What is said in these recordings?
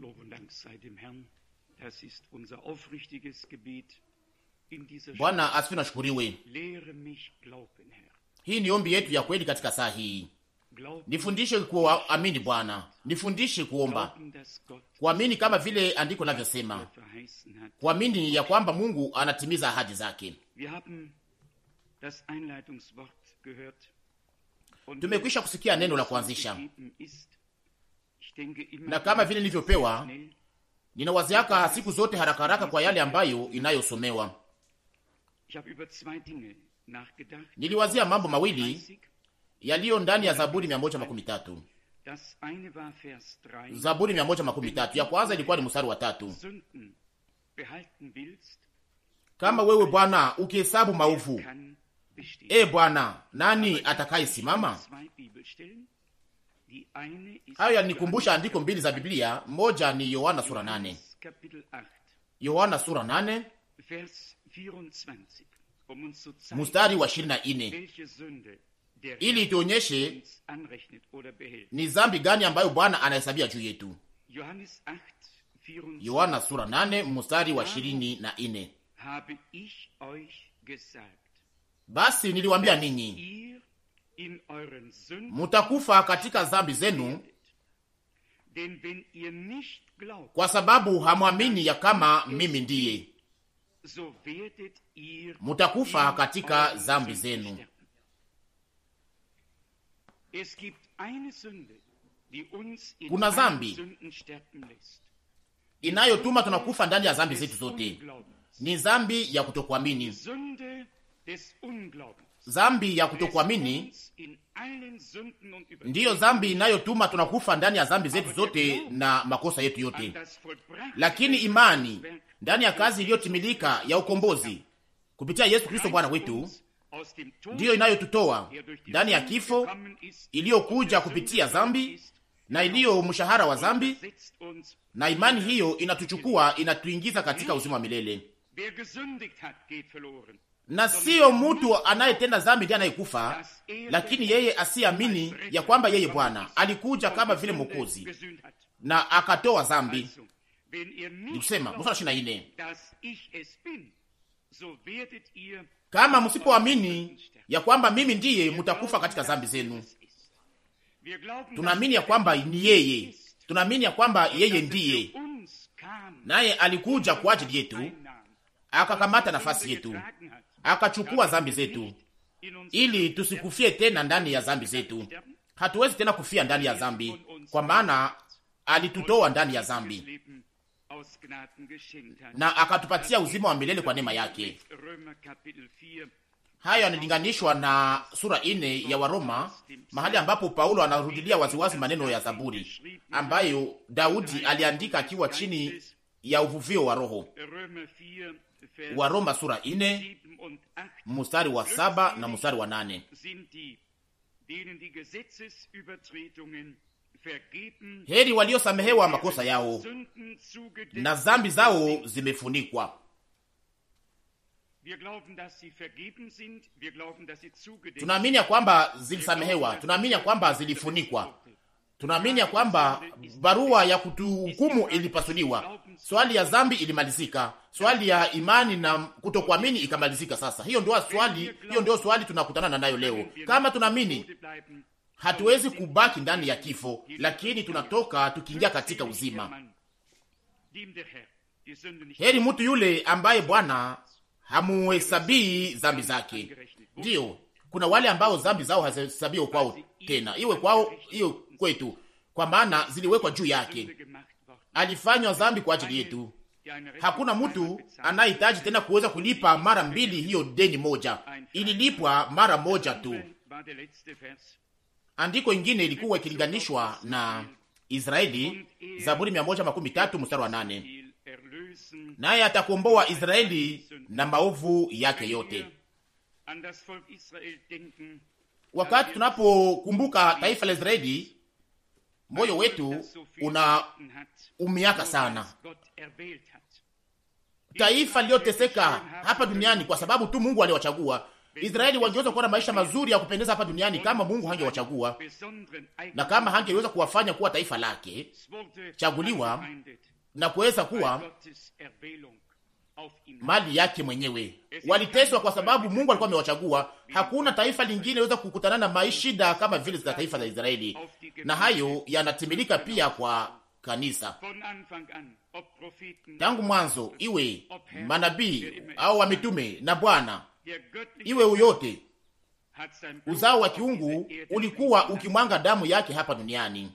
Lob und Dank sei dem Herrn. Das ist unser aufrichtiges Gebet. In dieser Bwana asifiwe na shukuriwe. Lehre mich glauben, Herr. Hii ni ombi yetu ya kweli katika saa hii. Nifundishe kuamini Bwana, nifundishe kuomba, kuamini kama vile andiko navyosema, kuamini ya kwamba Mungu anatimiza ahadi zake. Tumekwisha kusikia neno la kuanzisha na kama vile nilivyopewa, ninawaziaka siku zote haraka haraka kwa yale ambayo inayosomewa. Niliwazia mambo mawili yaliyo ndani ya Zaburi mia moja makumi tatu. Zaburi mia moja makumi tatu ya kwanza ilikuwa ni mstari wa tatu: kama wewe Bwana ukihesabu maovu, e Bwana, nani atakayesimama? Haya yanikumbusha andiko mbili za Biblia. Moja ni Yohana sura nane, Yohana sura nane mstari wa ishirini na nne ili ituonyeshe ni zambi gani ambayo Bwana anahesabia juu yetu. Yohana sura nane mstari wa ishirini na nne basi niliwambia ninyi mutakufa katika zambi zenu, kwa sababu hamwamini ya kama mimi ndiye. Mutakufa katika zambi zenu. Kuna zambi inayotuma tunakufa ndani ya zambi zetu zote, ni zambi ya kutokuamini zambi ya kutokuamini ndiyo zambi inayotuma tunakufa ndani ya zambi zetu zote na makosa yetu yote, lakini imani ndani ya kazi iliyotimilika ya ukombozi kupitia Yesu Kristo Bwana wetu ndiyo inayotutoa ndani ya kifo iliyokuja kupitia zambi na iliyo mshahara wa zambi na imani hiyo inatuchukua, inatuingiza katika uzima wa milele na siyo mtu anayetenda zambi ndiye anayekufa, lakini yeye asiamini ya kwamba yeye Bwana alikuja kama vile Mwokozi na akatoa zambi. Nikusema mstari ishirini na nne kama msipoamini ya kwamba mimi ndiye, mutakufa katika zambi zenu. Tunaamini ya kwamba ni yeye, tunaamini ya kwamba yeye ndiye, naye alikuja kwa ajili yetu, akakamata nafasi yetu akachukua zambi zetu, ili tusikufie tena ndani ya zambi zetu. Hatuwezi tena kufia ndani ya zambi, kwa maana alitutoa ndani ya zambi na akatupatia uzima wa milele kwa neema yake. Hayo yanalinganishwa na sura ine ya Waroma, mahali ambapo Paulo anarudilia waziwazi maneno ya Zaburi ambayo Daudi aliandika akiwa chini ya uvuvio wa Roho. Waroma sura ine mstari wa saba na mstari wa nane. Heri waliosamehewa makosa yao na zambi zao zimefunikwa. Tunaamini ya kwamba zilisamehewa, tunaamini ya kwamba zilifunikwa. Tunaamini ya kwamba barua ya kutuhukumu ilipasuliwa, swali ya dhambi ilimalizika, swali ya imani na kutokuamini ikamalizika. Sasa hiyo ndio swali, hiyo ndio swali tunakutana nayo leo. Kama tunaamini, hatuwezi kubaki ndani ya kifo, lakini tunatoka tukiingia katika uzima. Heri mtu yule ambaye Bwana hamuhesabii dhambi zake. Ndiyo, kuna wale ambao dhambi zao hazihesabiwi kwao tena, iwe kwao, iwe kwetu, kwa maana ziliwekwa juu yake. Alifanywa dhambi kwa ajili yetu. Hakuna mtu anayehitaji tena kuweza kulipa mara mbili hiyo deni moja, ililipwa mara moja tu. Andiko ingine ilikuwa ikilinganishwa na Israeli, Zaburi 113 mstari wa 8, naye atakomboa Israeli na maovu yake yote. Wakati tunapokumbuka taifa la Israeli moyo wetu una umiaka sana. Taifa liliyoteseka hapa duniani kwa sababu tu Mungu aliwachagua. Israeli wangeweza kuwa na maisha mazuri ya kupendeza hapa duniani kama Mungu hangewachagua na kama hangeweza kuwafanya kuwa taifa lake chaguliwa na kuweza kuwa mali yake mwenyewe. Waliteswa kwa sababu Mungu alikuwa amewachagua. Hakuna taifa lingine liweza kukutana na maishida kama vile za taifa la Israeli, na hayo yanatimilika pia kwa kanisa tangu mwanzo, iwe manabii au wa mitume na Bwana, iwe uyote, uzao wa kiungu ulikuwa ukimwanga damu yake hapa duniani,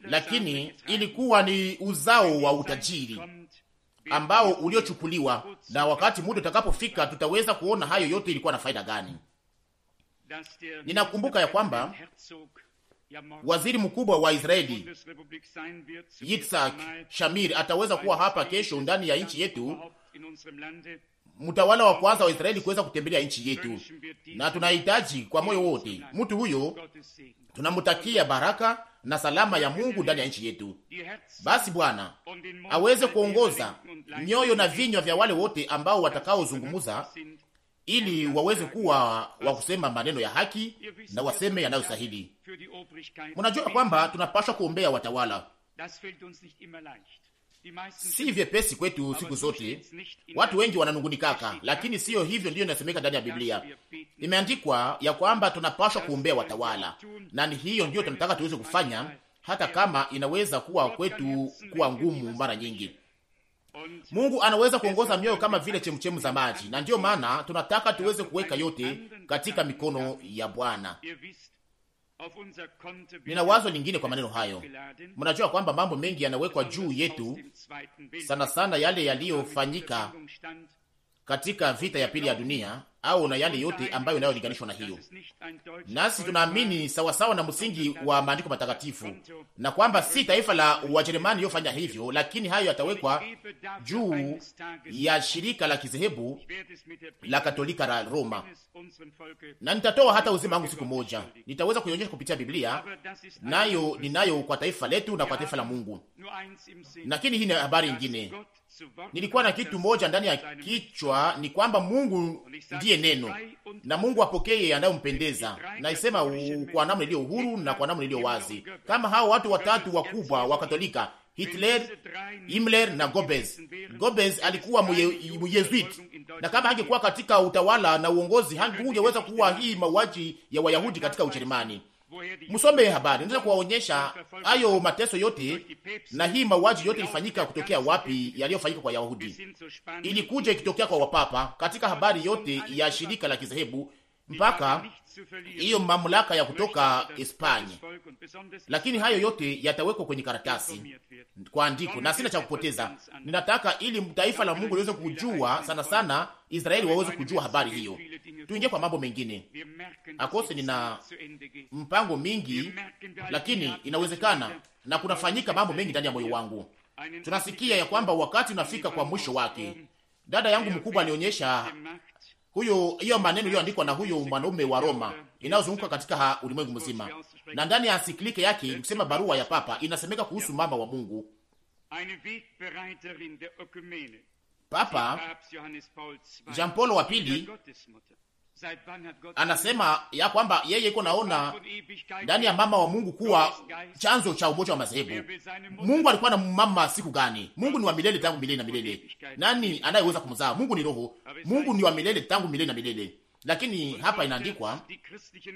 lakini ilikuwa ni uzao wa utajiri ambao uliochukuliwa, na wakati muda utakapofika tutaweza kuona hayo yote ilikuwa na faida gani. Ninakumbuka ya kwamba waziri mkubwa wa Israeli Yitzhak Shamir ataweza kuwa hapa kesho ndani ya nchi yetu mtawala wa kwanza wa Israeli kuweza kutembelea nchi yetu, na tunahitaji kwa moyo wote mtu huyo. Tunamtakia baraka na salama ya Mungu ndani ya nchi yetu. Basi Bwana aweze kuongoza nyoyo na vinywa vya wale wote ambao watakaozungumza, ili waweze kuwa wa kusema maneno ya haki na waseme yanayostahili. Mnajua kwamba tunapaswa kuombea watawala si vyepesi kwetu siku zote. Watu wengi wananungunikaka, lakini siyo hivyo ndiyo inasemeka ndani ya Biblia. Imeandikwa ya kwamba tunapashwa kuombea watawala, na ni hiyo ndiyo tunataka tuweze kufanya, hata kama inaweza kuwa kwetu kuwa ngumu mara nyingi. Mungu anaweza kuongoza mioyo kama vile chemchemu za maji, na ndiyo maana tunataka tuweze kuweka yote katika mikono ya Bwana. Nina wazo lingine kwa maneno hayo. Mnajua kwamba mambo mengi yanawekwa juu yetu, sana sana yale yaliyofanyika katika vita ya pili ya dunia au na yale yote ambayo inayolinganishwa na hiyo. Nasi tunaamini sawasawa na msingi wa maandiko matakatifu, na kwamba si taifa la Wajerumani iliyofanya hivyo, lakini hayo yatawekwa juu ya shirika la kizehebu la Katolika la Roma, na nitatoa hata uzima wangu siku moja, nitaweza kuionyesha kupitia Biblia, nayo ninayo kwa taifa letu na kwa taifa la Mungu. Lakini hii ni habari ingine nilikuwa na kitu moja ndani ya kichwa, ni kwamba Mungu ndiye neno na Mungu apokee anayompendeza. Naisema kwa namna iliyo uhuru na kwa namna iliyo wazi, kama hao watu watatu wakubwa wa Katolika, Hitler, Himmler na Goebbels. Goebbels alikuwa myezuit na kama hangekuwa katika utawala na uongozi, hangungeweza kuwa hii mauaji ya Wayahudi katika Ujerumani msome habari, ndio kuwaonyesha hayo mateso yote na hii mauaji yote ilifanyika kutokea wapi, yaliyofanyika kwa Yahudi, ilikuja ikitokea kwa wapapa katika habari yote ya shirika la kizehebu mpaka hiyo mamlaka ya kutoka Hispania, lakini hayo yote yatawekwa kwenye karatasi kwa andiko, na sina cha kupoteza. Ninataka ili taifa la Mungu liweze kujua, sana sana Israeli waweze kujua habari hiyo. Tuingie kwa mambo mengine. Akose nina mpango mingi, lakini inawezekana na kunafanyika mambo mengi ndani ya moyo wangu. Tunasikia ya kwamba wakati unafika kwa mwisho wake. Dada yangu mkubwa alionyesha huyo hiyo maneno iliyoandikwa na huyo mwanaume wa Roma inayozunguka katika ulimwengu mzima, na ndani ya ansiklike yake kusema barua ya papa inasemeka kuhusu mama wa Mungu. Papa Jean Paul wa pili anasema ya kwamba yeye iko naona ndani ya mama wa Mungu kuwa chanzo cha umoja wa madhehebu. Mungu alikuwa na mama siku gani? Mungu ni wa milele tangu milele na milele. Nani anayeweza kumzaa? Mungu ni roho. Mungu ni wa milele tangu milele na milele. Lakini hapa inaandikwa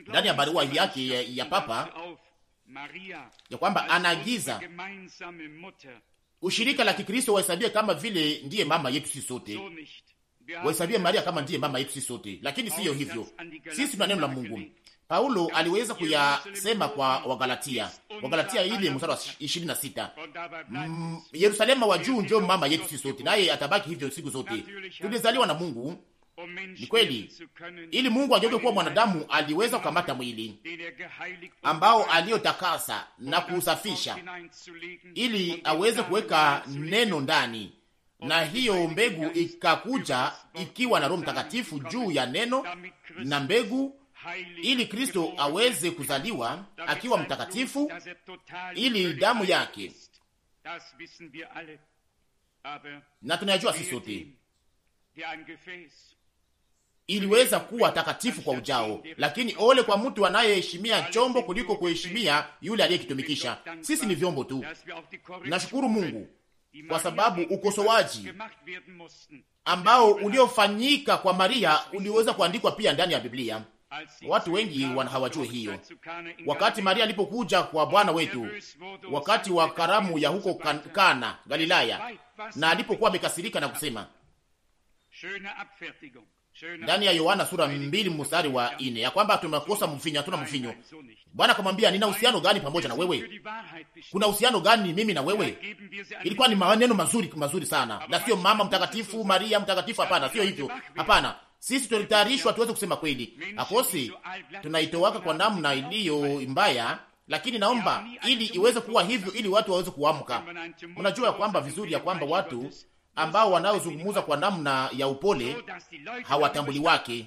ndani ya barua yake ya, ya papa ya kwamba anaagiza ushirika la Kikristo wahesabie kama vile ndiye mama yetu sisi sote wahesabie Maria kama ndiye mama yetu sisi sote, lakini siyo hivyo. Sisi tuna neno la Mungu. Paulo aliweza kuyasema kwa Wagalatia, Wagalatia ile mstari wa ishirini na sita Yerusalemu Yerusalema wa juu njo mama yetu sisi sote, naye atabaki hivyo siku zote. Tulizaliwa na Mungu, ni kweli, ili Mungu ageuke kuwa mwanadamu, aliweza kukamata mwili ambao aliyotakasa na kuusafisha, ili aweze kuweka neno ndani na hiyo mbegu ikakuja ikiwa na Roho Mtakatifu juu ya neno na mbegu, ili Kristo aweze kuzaliwa akiwa mtakatifu, ili damu yake, na tunayajua sisi sote, iliweza kuwa takatifu kwa ujao. Lakini ole kwa mtu anayeheshimia chombo kuliko kuheshimia yule aliyekitumikisha. Sisi ni vyombo tu. Nashukuru Mungu kwa sababu ukosoaji ambao uliofanyika kwa Maria uliweza kuandikwa pia ndani ya Biblia. Watu wengi hawajui hiyo. Wakati Maria alipokuja kwa Bwana wetu wakati wa karamu ya huko Kana Galilaya, na alipokuwa amekasirika na kusema ndani ya Yohana sura mbili mstari wa ine ya kwamba tunakosa mfinyo, hatuna mfinyo. Bwana akamwambia, nina uhusiano gani pamoja na wewe? Kuna uhusiano gani mimi na wewe? Ilikuwa ni maneno mazuri mazuri sana, na sio mama mtakatifu Maria mtakatifu. Hapana, sio hivyo, hapana. Sisi tulitayarishwa tuweze kusema kweli, akosi tunaitowaka kwa namna iliyo mbaya, lakini naomba ili iweze kuwa hivyo, ili watu waweze kuamka. Unajua ya kwamba vizuri ya kwamba watu ambao wanaozungumza kwa namna ya upole hawatambuli wake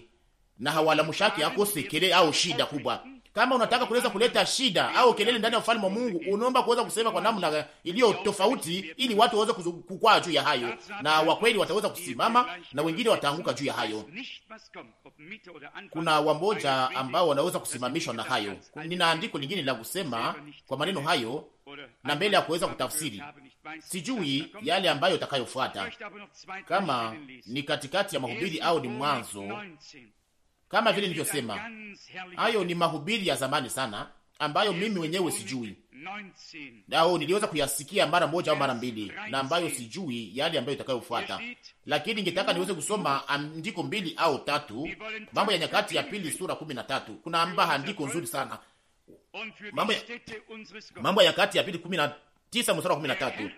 na hawalamushake akose kelele au shida kubwa. Kama unataka kuweza kuleta shida au kelele ndani ya ufalme wa Mungu, unaomba kuweza kusema kwa namna iliyo tofauti, ili watu waweze kukwaa juu ya hayo, na wakweli wataweza kusimama na wengine wataanguka juu ya hayo. Kuna wamoja ambao wanaweza kusimamishwa na hayo. Nina andiko lingine la kusema kwa maneno hayo na mbele ya kuweza kutafsiri sijui yale ambayo utakayofuata, kama ni katikati ya mahubiri au ni mwanzo. Kama vile nilivyosema, hayo ni mahubiri ya zamani sana ambayo mimi mwenyewe sijui au niliweza kuyasikia mara moja au mara mbili, na ambayo sijui yale ambayo itakayofuata, lakini ningetaka niweze kusoma andiko mbili au tatu. Mambo ya Nyakati ya Pili sura kumi na tatu kuna amba andiko nzuri sana mambo ya Nyakati ya Pili kumi na tisa mstari wa kumi na tatu.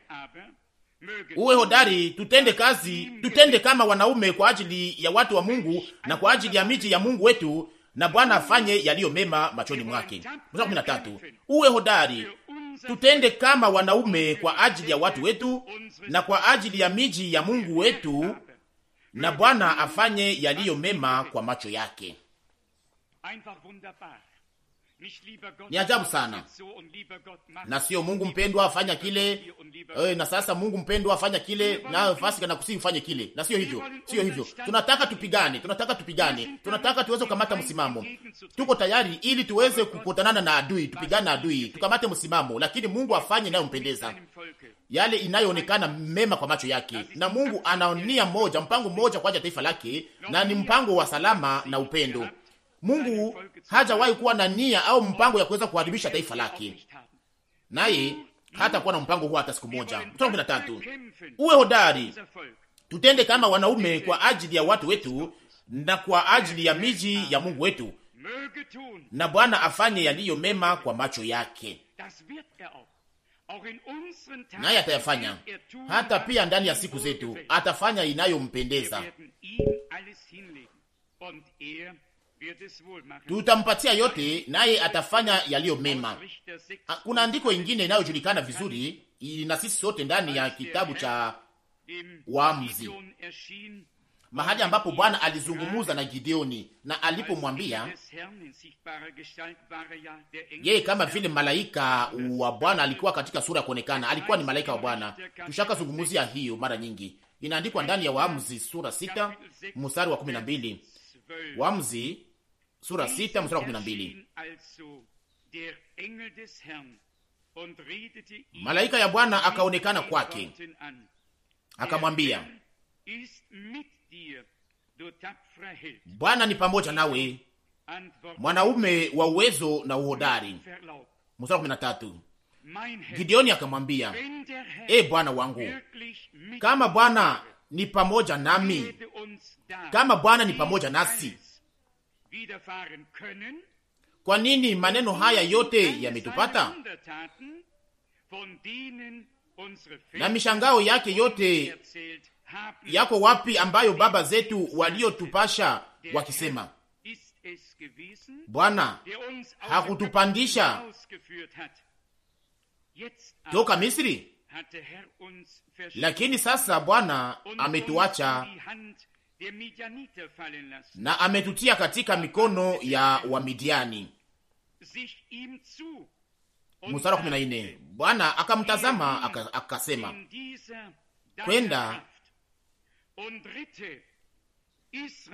Uwe hodari, tutende kazi, tutende kama wanaume kwa ajili ya watu wa Mungu na kwa ajili ya miji ya Mungu wetu, na Bwana afanye yaliyo mema machoni mwake. Mstari wa kumi na tatu. Uwe hodari, tutende kama wanaume kwa ajili ya watu wetu na kwa ajili ya miji ya Mungu wetu, na Bwana afanye yaliyo mema kwa macho yake. Ni ajabu sana, na sio Mungu mpendwa afanya kile e, na sasa Mungu mpendwa afanya kile na fasi kana kusii ufanye kile, na sio hivyo, sio hivyo. Tunataka tupigane, tunataka tupigane, tunataka tuweze kukamata msimamo. Tuko tayari ili tuweze kukutanana na adui, tupigane na adui, tukamate msimamo, lakini Mungu afanye inayompendeza, yale inayoonekana mema kwa macho yake. Na Mungu anaonia moja, mpango moja kwa ajili ya taifa lake, na ni mpango wa salama na upendo Mungu hajawahi kuwa na nia au mpango ya kuweza kuharibisha taifa lake, naye hata kuwa na mpango huo hata siku moja. Mstari wa tatu, uwe hodari, tutende kama wanaume kwa ajili ya watu wetu na kwa ajili ya miji ya Mungu wetu, na Bwana afanye yaliyo mema kwa macho yake, naye atayafanya. Hata pia ndani ya siku zetu atafanya inayompendeza tutampatia yote, naye atafanya yaliyo mema. Ah, kuna andiko ingine inayojulikana vizuri na sisi sote ndani ya kitabu cha Waamuzi, mahali ambapo Bwana alizungumuza na Gideoni na alipomwambia er yeye, kama vile malaika wa Bwana alikuwa katika sura ya kuonekana, alikuwa ni malaika wa Bwana. Tushaka zungumuzia hiyo mara nyingi, inaandikwa ndani ya Waamuzi sura sita mstari wa kumi na mbili Waamuzi sura sita er mstari wa kumi na mbili. Malaika ya Bwana akaonekana kwake akamwambia, Bwana ni pamoja nawe, mwanaume wa uwezo na uhodari. Mstari kumi na tatu. Gideoni akamwambia, E Bwana wangu, kama Bwana ni pamoja nami, kama Bwana ni pamoja nasi kwa nini maneno haya yote yametupata na mishangao yake yote yako wapi, ambayo baba zetu waliotupasha wakisema, Bwana hakutupandisha toka Misri? Lakini sasa Bwana ametuacha na ametutia katika mikono ya Wamidiani. Mstari wa Bwana akamtazama akasema, kwenda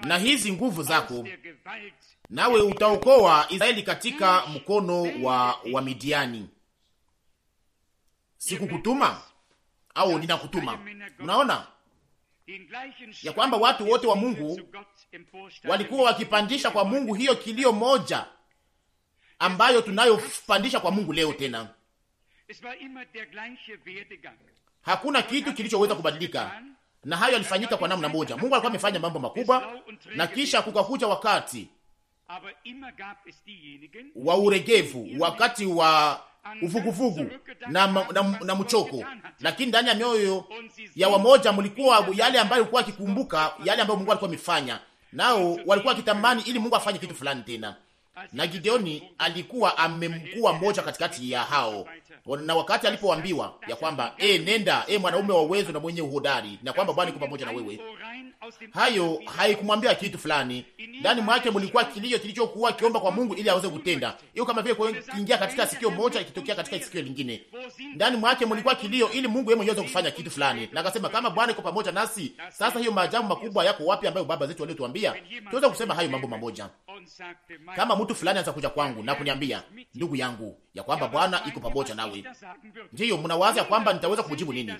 na hizi nguvu zako, nawe utaokoa Israeli katika mkono wa Wamidiani. Sikukutuma au ninakutuma? Unaona ya kwamba watu wote wa Mungu walikuwa wakipandisha kwa Mungu hiyo kilio moja ambayo tunayopandisha kwa Mungu leo tena. Hakuna kitu kilichoweza kubadilika, na hayo yalifanyika kwa namna moja. Mungu alikuwa amefanya mambo makubwa, na kisha kukakuja wakati wa uregevu, wakati wa uvuguvugu na, na, na mchoko, lakini ndani ya mioyo ya wamoja mlikuwa yale ambayo alikuwa akikumbuka yale ambayo Mungu alikuwa amefanya nao, walikuwa wakitamani ili Mungu afanye kitu fulani tena, na Gideoni alikuwa amemkuwa mmoja katikati ya hao na wakati alipoambiwa ya kwamba e, nenda e, mwanaume wa uwezo na mwenye uhodari, na kwamba Bwana yuko pamoja na wewe, hayo haikumwambia kitu fulani ndani mwake. Mlikuwa kilio kilichokuwa kiomba kwa Mungu ili aweze kutenda, hiyo kama vile kuingia katika sikio moja ikitokea katika sikio lingine. Ndani mwake mlikuwa kilio ili Mungu yeye mwenyewe aweze kufanya kitu fulani, na akasema kama Bwana yuko pamoja nasi, sasa hiyo maajabu makubwa yako wapi ambayo baba zetu waliotuambia? Tuweza kusema hayo mambo mamoja. Kama mtu fulani anaweza kuja kwangu na kuniambia, ndugu yangu ya kwamba Bwana iko pamoja nawe. Ndiyo mnawaza kwamba nitaweza kumjibu nini?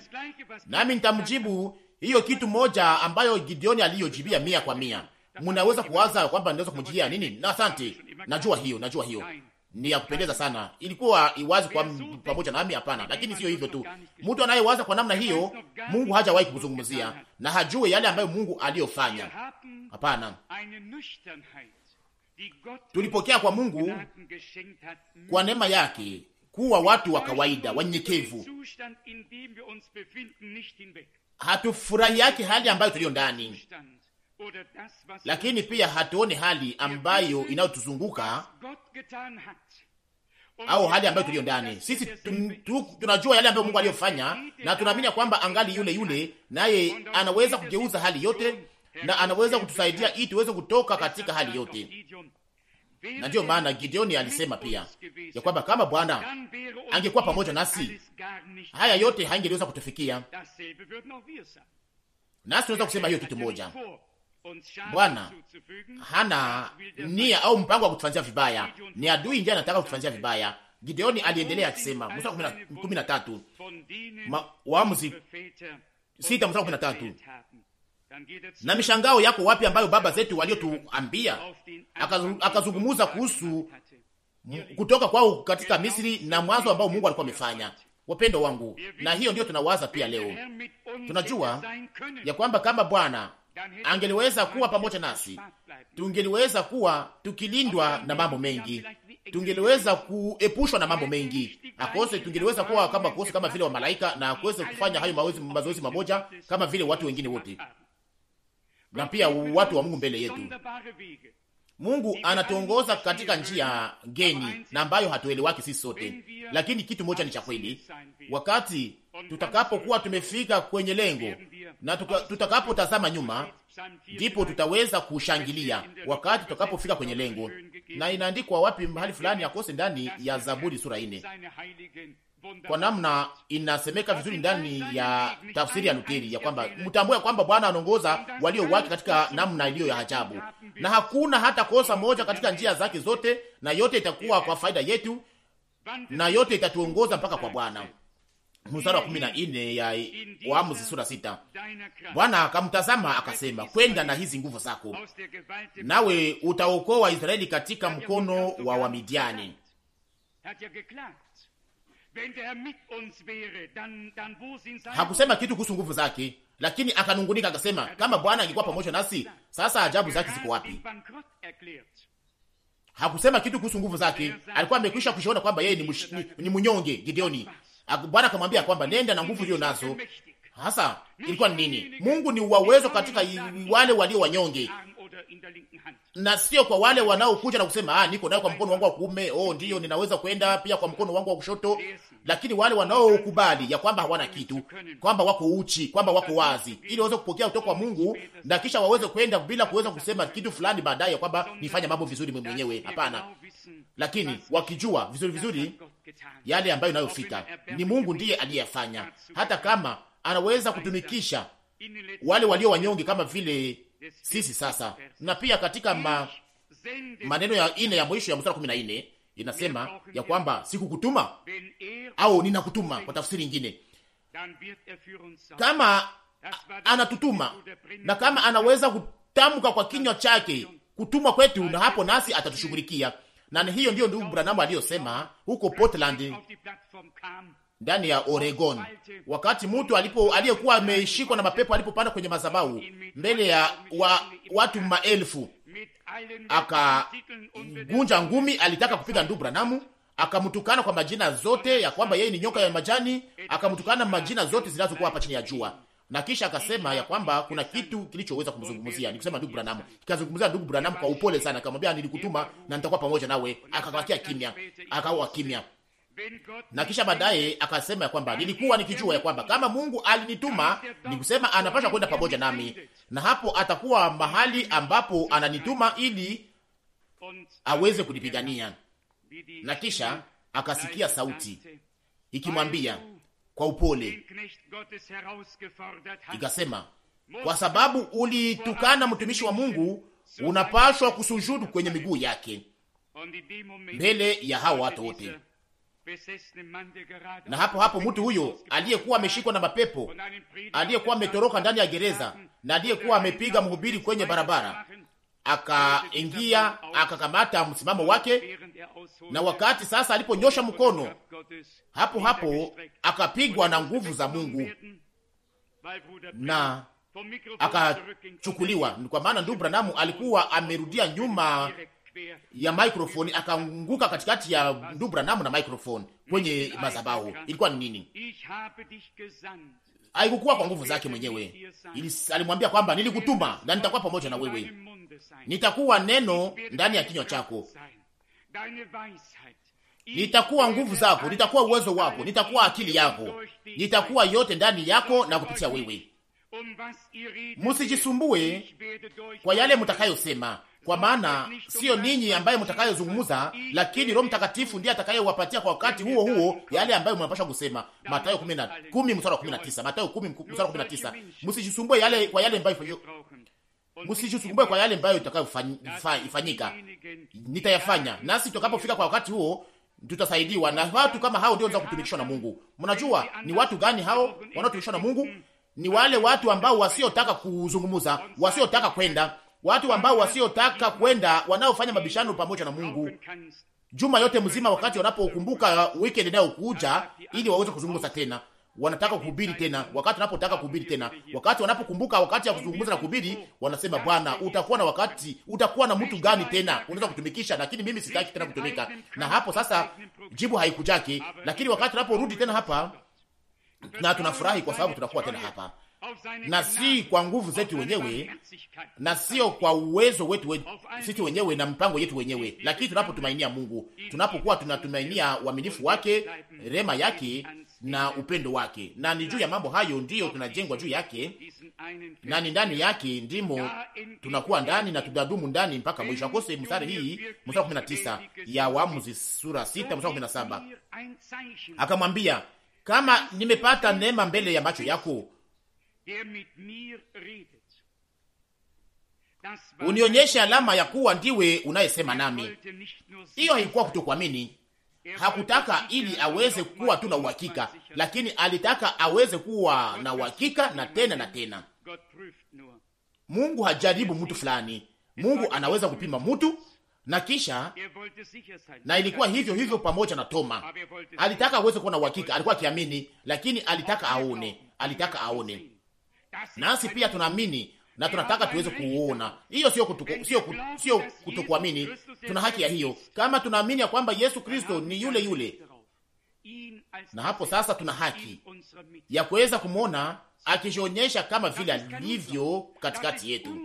Nami nitamjibu hiyo kitu moja ambayo Gideoni aliyojibia mia kwa mia. Mnaweza kuwaza kwamba ninaweza kumjia nini? Na asante, najua hiyo, najua hiyo ni ya kupendeza sana. Ilikuwa iwazi kwa pamoja nami? Hapana, lakini sio hivyo tu. Mtu anayewaza kwa namna hiyo, Mungu hajawahi kuzungumzia na hajue yale ambayo Mungu aliyofanya. Hapana tulipokea kwa Mungu kwa neema yake kuwa watu wa kawaida wanyenyekevu. Hatufurahi yake hali ambayo tuliyo ndani, lakini pia hatuone hali ambayo inayotuzunguka au hali ambayo tuliyo ndani. Sisi tunajua yale ambayo Mungu aliyofanya, na tunaamini kwamba angali yule yule, naye anaweza kugeuza hali yote na anaweza kutusaidia ili tuweze kutoka katika hali yote. Na ndiyo maana Gideoni alisema pia ya kwamba kama Bwana angekuwa pamoja nasi, haya yote haingeliweza kutufikia. Nasi tunaweza kusema hiyo kitu moja, Bwana hana nia au mpango wa kutufanyia vibaya, ni adui ndiye anataka kutufanyia vibaya. Gideoni aliendelea akisema, mstari wa kumi na tatu, Waamuzi sita mstari wa kumi na tatu na mishangao yako wapi ambayo baba zetu waliotuambia? Akazungumuza kuhusu kutoka kwao katika Misri na mwanzo ambao Mungu alikuwa amefanya. Wapendo wangu, na hiyo ndiyo tunawaza pia leo. Tunajua ya kwamba kama Bwana angeliweza kuwa pamoja nasi, tungeliweza kuwa tukilindwa na mambo mengi, tungeliweza kuepushwa na mambo mengi akose, tungeliweza kuwa kama kose, kama vile wa malaika na akuweze kufanya hayo mazoezi mamoja kama vile watu wengine wote na pia watu wa Mungu mbele yetu. Mungu anatuongoza katika njia ngeni na ambayo hatuelewaki sisi sote, lakini kitu moja ni cha kweli: wakati tutakapokuwa tumefika kwenye lengo na tutakapotazama nyuma, ndipo tutaweza kushangilia wakati tutakapofika kwenye lengo. Na inaandikwa wapi mahali fulani, akose ndani ya Zaburi sura ine kwa namna inasemeka vizuri ndani ya tafsiri ya Luteri ya kwamba mtambue ya kwamba Bwana anaongoza walio wake katika namna iliyo ya ajabu, na hakuna hata kosa moja katika njia zake zote, na yote itakuwa kwa faida yetu, na yote itatuongoza mpaka kwa Bwana. Mstari wa kumi na nne ya Waamuzi sura sita. Bwana akamtazama akasema, kwenda na hizi nguvu zako, nawe utaokoa Israeli katika mkono wa Wamidiani hakusema kitu kuhusu nguvu zake, lakini akanungunika akasema, kama Bwana angekuwa pamoja nasi, sasa ajabu zake ziko wapi? Hakusema kitu kuhusu nguvu zake, alikuwa amekwisha kushaona kwamba yeye ni, ni, ni mnyonge. Gideoni, Bwana akamwambia kwamba nenda na nguvu iliyo nazo. Hasa ilikuwa ni nini? Mungu ni wa uwezo katika wale walio wanyonge, na sio kwa wale wanaokuja na kusema ah, niko nayo kwa mkono wangu wa kuume, oh ndiyo, ninaweza kwenda pia kwa mkono wangu wa kushoto, lakini wale wanaokubali ya kwamba hawana kitu, kwamba wako uchi, kwamba wako wazi, ili waweze kupokea kutoka kwa Mungu na kisha waweze kwenda bila kuweza kusema kitu fulani baadaye ya kwamba nifanya mambo vizuri mimi mwenyewe. Hapana, lakini wakijua vizuri vizuri yale ambayo inayofika ni Mungu ndiye aliyefanya, hata kama anaweza kutumikisha wale walio wanyonge kama vile sisi sasa. Na pia katika ma, maneno ya ine ya mwisho ya mstari kumi na ine inasema ya kwamba sikukutuma au ninakutuma, kwa tafsiri ingine, kama anatutuma na kama anaweza kutamka kwa kinywa chake kutumwa kwetu, na hapo nasi atatushughulikia. Na hiyo ndiyo ndugu Branamu aliyosema huko Portland ndani ya Oregon, wakati mtu alipo aliyekuwa ameshikwa na mapepo alipopanda kwenye madhabahu mbele ya wa, watu maelfu, akagunja ngumi, alitaka kupiga ndugu Branamu, akamtukana kwa majina zote ya kwamba yeye ni nyoka ya majani, akamtukana majina zote zinazokuwa hapa chini ya jua, na kisha akasema ya kwamba kuna kitu kilichoweza kumzungumzia ni kusema ndugu Branham. Kikazungumzia ndugu Branham kwa upole sana, akamwambia nilikutuma na nitakuwa pamoja nawe. Akabakia kimya, akawa kimya na kisha baadaye akasema ya kwamba nilikuwa nikijua ya kwamba kama Mungu alinituma ni kusema anapasha kwenda pamoja nami, na hapo atakuwa mahali ambapo ananituma ili aweze kunipigania. Na kisha akasikia sauti ikimwambia kwa upole, ikasema, kwa sababu ulitukana mtumishi wa Mungu, unapaswa kusujudu kwenye miguu yake mbele ya hao watu wote. Na hapo hapo mtu huyo aliyekuwa ameshikwa na mapepo, aliyekuwa ametoroka ndani ya gereza na aliyekuwa amepiga mhubiri kwenye barabara, akaingia akakamata msimamo wake, na wakati sasa aliponyosha mkono, hapo hapo akapigwa na nguvu za Mungu na akachukuliwa. Kwa maana ndugu Branamu alikuwa amerudia nyuma ya mikrofoni akaanguka katikati ya ndugu Branham na mikrofoni kwenye madhabahu. Ilikuwa ni nini? Haikukuwa kwa nguvu zake mwenyewe, alimwambia kwamba nilikutuma na nitakuwa pamoja na wewe, nitakuwa neno ndani ya kinywa chako, nitakuwa nguvu zako, nitakuwa uwezo wako, nitakuwa akili yako, nitakuwa yote ndani yako na kupitia wewe. Musijisumbue kwa yale mtakayosema kwa maana sio ninyi ambaye mtakayozungumza, lakini Roho Mtakatifu ndiye atakayewapatia kwa wakati huo huo yale ambayo mnapaswa kusema. Mathayo 10 mstari wa 19, Mathayo 10 mstari wa 19. Msijisumbue yale kwa yale ambayo msijisumbue kwa yale ambayo itakayofanyika, nitayafanya nasi. Tutakapofika kwa wakati huo tutasaidiwa, na watu kama hao ndio wanaweza kutumikishwa na Mungu. Mnajua ni watu gani hao wanaotumikishwa na Mungu? Ni wale watu ambao wasiotaka kuzungumza, wasiotaka kwenda watu ambao wasiotaka kwenda, wanaofanya mabishano pamoja na Mungu juma yote mzima, wakati wanapokumbuka weekend inayokuja, ili waweze kuzungumza tena wanataka kuhubiri tena, wakati wanapotaka kuhubiri tena, wakati wanapokumbuka wakati ya kuzungumza na kuhubiri, wanasema Bwana, utakuwa na wakati, utakuwa na mtu gani tena unaweza kutumikisha, lakini mimi sitaki tena kutumika. Na hapo sasa jibu haikujaki, lakini wakati unaporudi tena hapa, na tunafurahi kwa sababu tunakuwa tena hapa na si kwa nguvu zetu wenyewe na sio kwa uwezo wetu we, sisi wenyewe na mpango yetu wenyewe, lakini tunapotumainia Mungu, tunapokuwa tunatumainia uaminifu wake, rema yake na upendo wake, na ni juu ya mambo hayo ndiyo tunajengwa juu yake, na ni ndani yake ndimo tunakuwa ndani na tunadumu ndani mpaka mwisho. Akose mstari hii, mstari 19 ya Waamuzi sura 6 mstari 17, akamwambia kama nimepata neema mbele ya macho yako unionyeshe alama ya kuwa ndiwe unayesema nami. Hiyo haikuwa kutokuamini. Hakutaka ili aweze kuwa tu na uhakika, lakini alitaka aweze kuwa na uhakika na tena na tena. Mungu hajaribu mtu fulani. Mungu anaweza kupima mtu na kisha, na ilikuwa hivyo hivyo pamoja na Toma. Er alitaka aweze kuwa na uhakika, alikuwa akiamini, lakini alitaka er aone, alitaka aone nasi pia tunaamini na tunataka tuweze kuona hiyo. Sio sio sio kutokuamini. Tuna haki ya hiyo kama tunaamini ya kwamba Yesu Kristo ni yule yule, na hapo sasa tuna haki ya kuweza kumwona akishionyesha kama vile alivyo katikati yetu.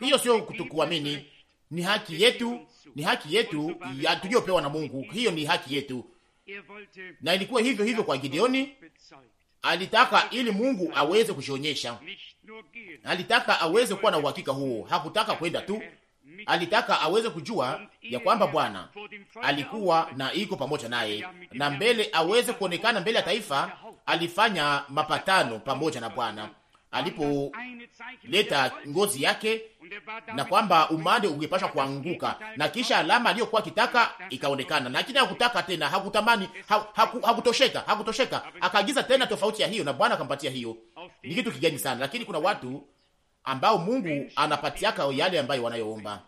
Hiyo sio kutokuamini, ni haki yetu, ni haki yetu tuliyopewa na Mungu. Hiyo ni haki yetu, na ilikuwa hivyo hivyo kwa Gideoni Alitaka ili Mungu aweze kujionyesha, alitaka aweze kuwa na uhakika huo. Hakutaka kwenda tu, alitaka aweze kujua ya kwamba Bwana alikuwa na iko pamoja naye, na mbele aweze kuonekana mbele ya taifa. Alifanya mapatano pamoja na Bwana alipoleta ngozi yake, na kwamba umande ungepashwa kuanguka, na kisha alama aliyokuwa akitaka ikaonekana, lakini hakutaka tena, hakutamani, hakutosheka, hakutosheka, akaagiza tena tofauti ya hiyo, na Bwana akampatia hiyo. Ni kitu kigeni sana, lakini kuna watu ambao Mungu anapatiaka yale ambayo wanayoomba,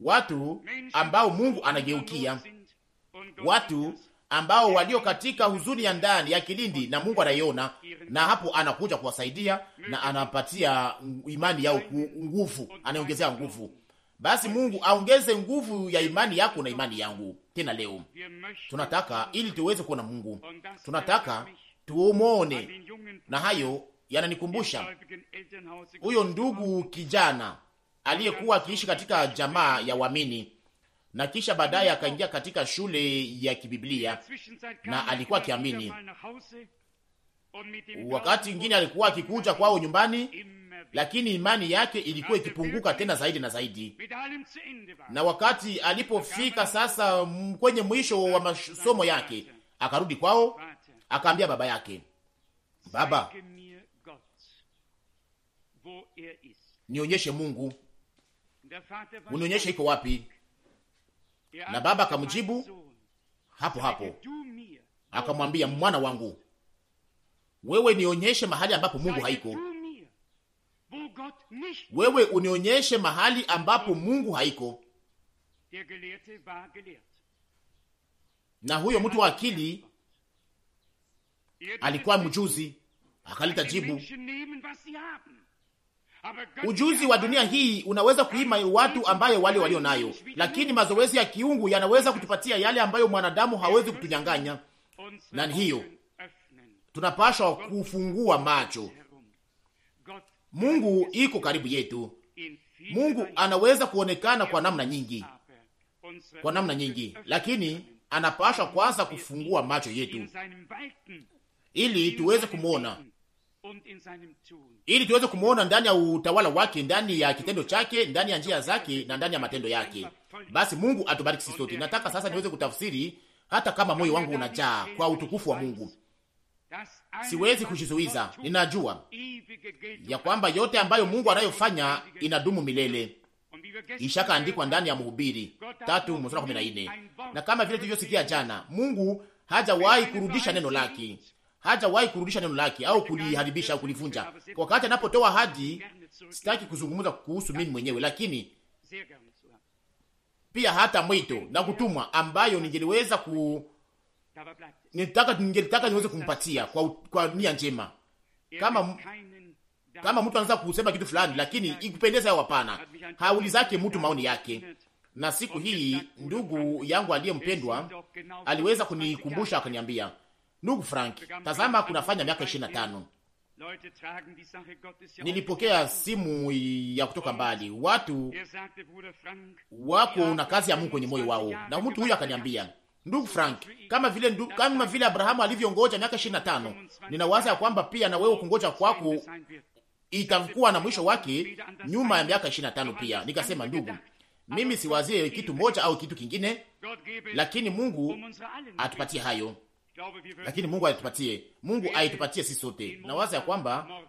watu ambao Mungu anageukia, watu ambao walio katika huzuni ya ndani ya kilindi, na Mungu anaiona, na hapo anakuja kuwasaidia na anapatia imani yao nguvu, anaongezea nguvu. Basi Mungu aongeze nguvu ya imani yako na imani yangu. Tena leo tunataka ili tuweze kuona Mungu, tunataka tuomone, na hayo yananikumbusha huyo ndugu kijana aliyekuwa akiishi katika jamaa ya waamini na kisha baadaye akaingia katika shule ya kibiblia na alikuwa akiamini. Wakati mwingine alikuwa akikuja kwao nyumbani, lakini imani yake ilikuwa ikipunguka tena zaidi na zaidi. Na wakati alipofika sasa kwenye mwisho wa masomo yake, akarudi kwao, akaambia baba yake, baba, nionyeshe Mungu, unionyeshe iko wapi? Na baba akamjibu hapo hapo, akamwambia, mwana wangu, wewe nionyeshe mahali ambapo Mungu haiko. Wewe unionyeshe mahali ambapo Mungu haiko. Na huyo mtu wa akili alikuwa mjuzi, akalita jibu Ujuzi wa dunia hii unaweza kuima watu ambayo wale walio nayo, lakini mazoezi ya kiungu yanaweza kutupatia yale ambayo mwanadamu hawezi kutunyang'anya. Na hiyo tunapashwa kufungua macho. Mungu iko karibu yetu. Mungu anaweza kuonekana kwa namna nyingi, kwa namna nyingi, lakini anapashwa kwanza kufungua macho yetu ili tuweze kumwona ili tuweze kumwona ndani ya utawala wake, ndani ya kitendo chake, ndani ya njia zake na ndani ya matendo yake. Basi Mungu atubariki sisi sote. Nataka sasa niweze kutafsiri, hata kama moyo wangu unajaa kwa utukufu wa Mungu, siwezi kujizuiza. Ninajua ya kwamba yote ambayo Mungu anayofanya inadumu milele, ishaka andikwa ndani ya Mhubiri tatu kumi na Na kama vile tulivyosikia jana, Mungu hajawahi kurudisha neno lake hajawahi kurudisha neno lake au kuliharibisha au kulivunja. Wakati anapotoa hadi, sitaki kuzungumza kuhusu mimi mwenyewe, lakini pia hata mwito na kutumwa ambayo ningeliweza ku nitaka ningetaka niweze kumpatia kwa, kwa nia njema. Kama kama mtu anaweza kusema kitu fulani, lakini ikupendeza au hapana, haulizake mtu maoni yake. Na siku hii ndugu yangu aliyempendwa aliweza kunikumbusha akaniambia Ndugu Frank, tazama, kunafanya miaka ishirini na tano nilipokea simu ya kutoka mbali. Watu er wako na kazi ya Mungu kwenye moyo wao, na mtu huyo akaniambia, ndugu Frank, kama vile ndu, kama vile Abrahamu alivyongoja miaka 25, ninawaza ya kwamba pia na wewe kungoja kwako itakuwa na mwisho wake nyuma ya miaka 25 pia. Nikasema, ndugu mimi siwazie kitu moja au kitu kingine, lakini Mungu um atupatie hayo lakini Mungu aitupatie, Mungu aitupatie sisi sote, na waza ya kwamba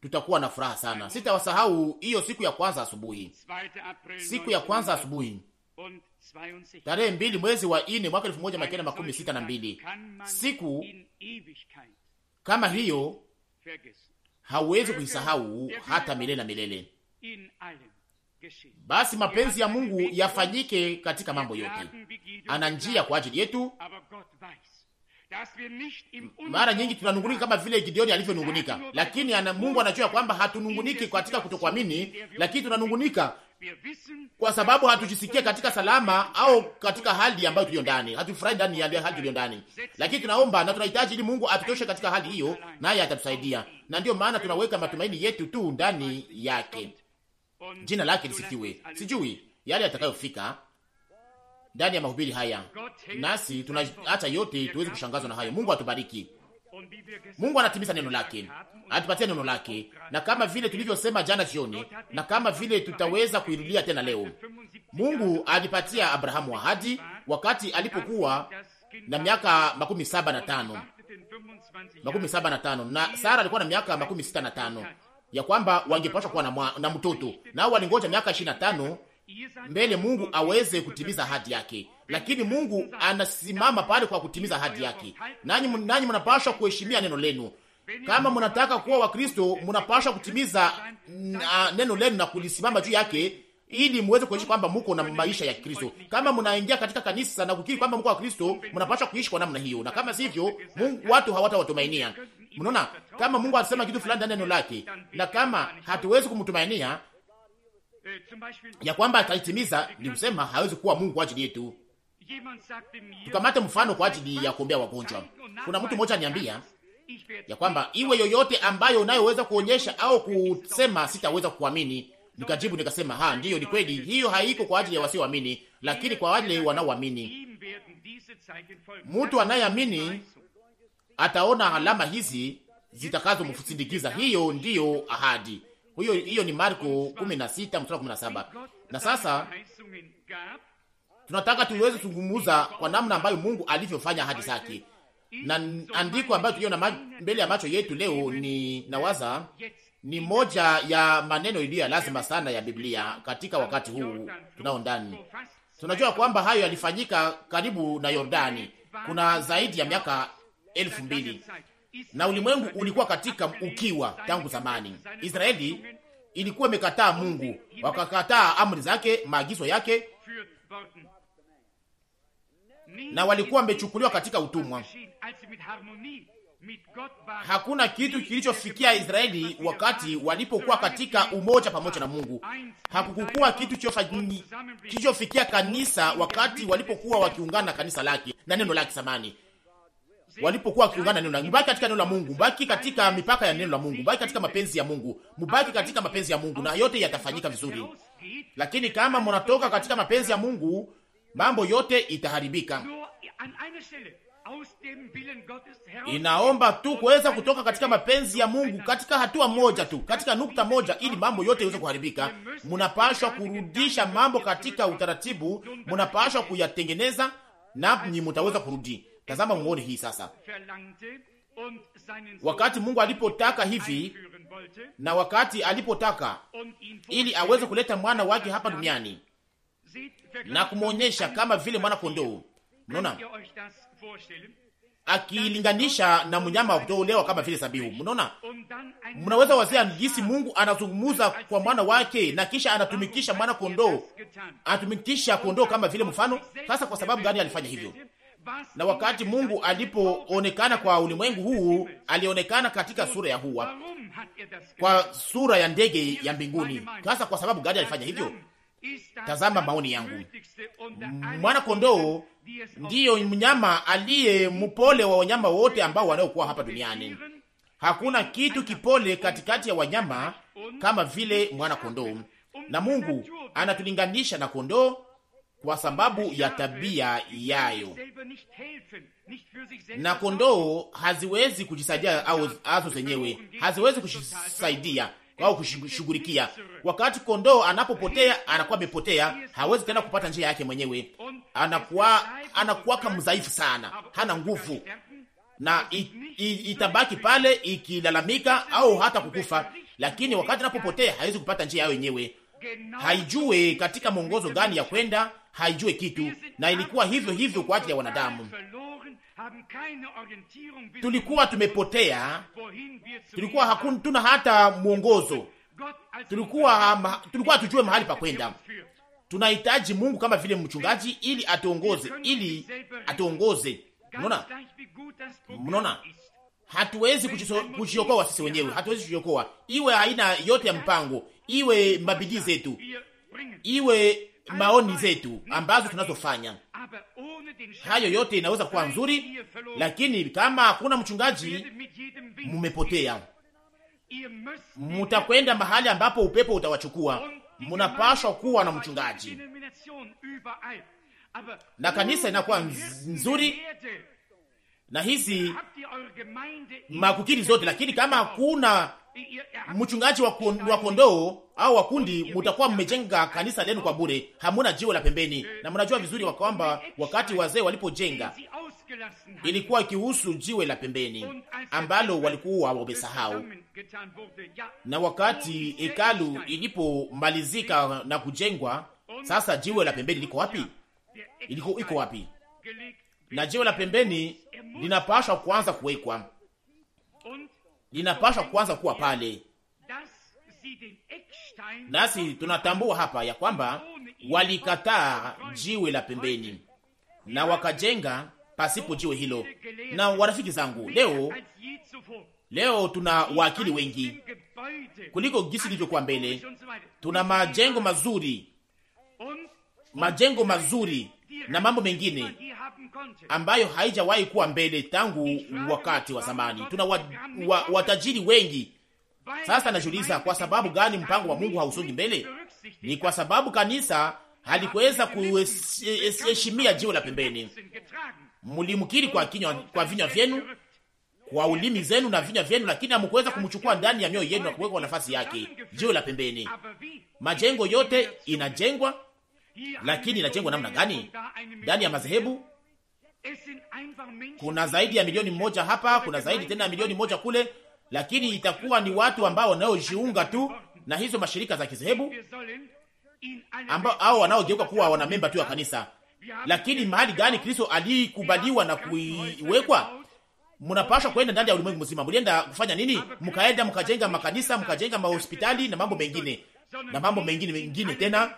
tutakuwa na furaha sana. Sitawasahau hiyo siku ya kwanza asubuhi, siku ya kwanza asubuhi tarehe mbili mwezi wa nne mwaka elfu moja mia kenda makumi sita na mbili. Siku kama hiyo hauwezi kuisahau hata milele na milele. Basi mapenzi ya Mungu yafanyike katika mambo yote. Ana njia kwa ajili yetu. Mara nyingi tunanungunika kama vile Gideoni alivyonungunika, lakini ana, Mungu anajua kwamba hatununguniki katika kutokuamini, lakini tunanungunika kwa sababu hatujisikie katika salama au katika hali ambayo tuliyo ndani, hatufurahi ndani ya hali tuliyo ndani, lakini tunaomba na tunahitaji ili Mungu atutoshe katika hali hiyo, naye atatusaidia, na ndiyo maana tunaweka matumaini yetu tu ndani yake jina lake lisifiwe. Sijui yale yatakayofika ndani ya mahubiri haya, nasi tunaacha yote tuweze kushangazwa na hayo. Mungu atubariki. Mungu anatimiza neno lake, atupatia neno lake, na kama vile tulivyosema jana jioni, na kama vile tutaweza kuirudia tena leo. Mungu alipatia Abrahamu ahadi wakati alipokuwa na miaka makumi saba na tano makumi saba na tano na Sara alikuwa na miaka makumi sita na tano ya kwamba wangepashwa kuwa na, na mtoto nao walingoja miaka ishirini na tano mbele Mungu aweze kutimiza hadi yake, lakini Mungu anasimama pale kwa kutimiza hadi yake. Nanyi nanyi mnapashwa kuheshimia neno lenu. Kama mnataka kuwa Wakristo, mnapashwa kutimiza neno lenu na kulisimama juu yake ili muweze kuishi kwamba muko na maisha ya Kristo. Kama mnaingia katika kanisa na kukiri kwamba mko wa Kristo, mnapaswa kuishi kwa namna hiyo, na kama sivyo, Mungu watu hawatawatumainia. Mnaona, kama Mungu alisema kitu fulani ndani ya neno lake, na kama hatuwezi kumtumainia ya kwamba ataitimiza, ni kusema hawezi kuwa Mungu kwa ajili yetu. Tukamate mfano kwa ajili ya kuombea wagonjwa. Kuna mtu mmoja aniambia ya kwamba iwe yoyote ambayo unayoweza kuonyesha au kusema, sitaweza kuamini Nikajibu nikasema, ha, ndiyo, ni kweli. Hiyo haiko kwa ajili ya wasioamini, lakini kwa wale wanaoamini. Mtu anayeamini ataona alama hizi zitakazomsindikiza. Hiyo ndiyo ahadi. Hiyo hiyo ni Marko 16 Na sasa tunataka tuweze kuzungumza kwa namna ambayo Mungu alivyofanya ahadi zake, na andiko ambayo tuliona mbele ya macho yetu leo ni nawaza ni moja ya maneno iliyo ya lazima sana ya Biblia katika wakati huu tunao ndani. Tunajua kwamba hayo yalifanyika karibu na Yordani, kuna zaidi ya miaka elfu mbili na ulimwengu ulikuwa katika ukiwa tangu zamani. Israeli ilikuwa imekataa Mungu, wakakataa amri zake, maagizo yake, na walikuwa wamechukuliwa katika utumwa Hakuna kitu kilichofikia Israeli wakati walipokuwa katika umoja pamoja na Mungu. Hakukukuwa kitu kilichofikia kanisa wakati walipokuwa wakiungana na kanisa lake na neno lake zamani walipokuwa wakiungana neno, mbaki katika neno la Mungu, mbaki katika mipaka ya neno la Mungu, mbaki katika mapenzi ya Mungu, mbaki katika mapenzi ya Mungu na yote yatafanyika vizuri. Lakini kama mnatoka katika mapenzi ya Mungu, mambo yote itaharibika inaomba tu kuweza kutoka katika mapenzi ya Mungu katika hatua moja tu, katika nukta moja, ili mambo yote iweze kuharibika. Munapashwa kurudisha mambo katika utaratibu, munapashwa kuyatengeneza na ni mutaweza kurudi. Tazama, muone hii sasa. Wakati Mungu alipotaka hivi na wakati alipotaka ili aweze kuleta mwana wake hapa duniani na kumwonyesha kama vile mwana kondoo Mnaona, akilinganisha na mnyama wa kutolewa kama vile sabihu. Mnaona, mnaweza wazia jinsi Mungu anazungumza kwa mwana wake na kisha anatumikisha mwana kondoo, anatumikisha kondoo kama vile mfano. Sasa kwa sababu gani alifanya hivyo? Na wakati Mungu alipoonekana kwa ulimwengu huu, alionekana katika sura ya huwa, kwa sura ya ndege ya mbinguni. Sasa kwa sababu gani alifanya hivyo? Tazama maoni yangu, mwana kondoo ndiyo mnyama aliye mpole wa wanyama wote ambao wanaokuwa hapa duniani. Hakuna kitu kipole katikati ya wanyama kama vile mwana kondoo, na Mungu anatulinganisha na kondoo kwa sababu ya tabia yayo, na kondoo haziwezi kujisaidia au azo zenyewe haziwezi kujisaidia, au kushughulikia. Wakati kondoo anapopotea, anakuwa amepotea, hawezi tena kupata njia yake mwenyewe, anakuwa anakuwaka mdhaifu sana, hana nguvu na itabaki pale ikilalamika au hata kukufa. Lakini wakati anapopotea, hawezi kupata njia yao yenyewe, haijue katika mwongozo gani ya kwenda, haijue kitu, na ilikuwa hivyo hivyo kwa ajili ya wanadamu tulikuwa tumepotea, tulikuwa hatuna hata mwongozo, tulikuwa tulikuwa tujue mahali pa kwenda. Tunahitaji Mungu kama vile mchungaji, ili atuongoze, ili atuongoze. Mnaona, mnaona, hatuwezi kujiokoa sisi wenyewe, hatuwezi kujiokoa, iwe aina yote ya mpango, iwe mabidii zetu, iwe maoni zetu ambazo tunazofanya hayo yote inaweza kuwa nzuri, lakini kama hakuna mchungaji, mumepotea. Mutakwenda mahali ambapo upepo utawachukua. Munapashwa kuwa na mchungaji, na kanisa inakuwa nzuri na hizi makukiri zote, lakini kama hakuna mchungaji wa kondoo au wakundi, mutakuwa mmejenga kanisa lenu kwa bure, hamuna jiwe la pembeni. Na mnajua vizuri kwamba wakati wazee walipojenga ilikuwa ikihusu jiwe la pembeni ambalo walikuwa wamesahau, na wakati hekalu ilipomalizika na kujengwa, sasa jiwe la pembeni liko wapi? Iliko iko wapi? Na jiwe la pembeni linapashwa kuanza kuwekwa inapashwa kwanza kuwa pale. Nasi tunatambua hapa ya kwamba walikataa jiwe la pembeni na wakajenga pasipo jiwe hilo. Na warafiki zangu, leo leo tuna waakili wengi kuliko gisi ilivyokuwa mbele. Tuna majengo mazuri, majengo mazuri na mambo mengine ambayo haijawahi kuwa mbele tangu wakati wa zamani. Tuna wa, wa, watajiri wengi sasa. Najiuliza, kwa sababu gani mpango wa Mungu hausongi mbele? Ni kwa sababu kanisa halikuweza kuheshimia jiwe la pembeni. Mlimkiri kwa kinywa, kwa vinywa vyenu, kwa ulimi zenu na vinywa vyenu, lakini hamkuweza kumchukua ndani ya mioyo yenu na kuwekwa nafasi yake, jiwe la pembeni. Majengo yote inajengwa, lakini inajengwa namna gani? Ndani ya madhehebu kuna zaidi ya milioni moja hapa, kuna zaidi tena ya milioni moja kule, lakini itakuwa ni watu ambao wanaojiunga tu na hizo mashirika za kizehebu ambao au wanaogeuka kuwa wanamemba tu ya kanisa. Lakini mahali gani Kristo alikubaliwa na kuiwekwa? Mnapashwa kwenda ndani ya ulimwengu mzima. Mlienda kufanya nini? Mkaenda mkajenga makanisa, mkajenga mahospitali na mambo mengine na mambo mengine mengine tena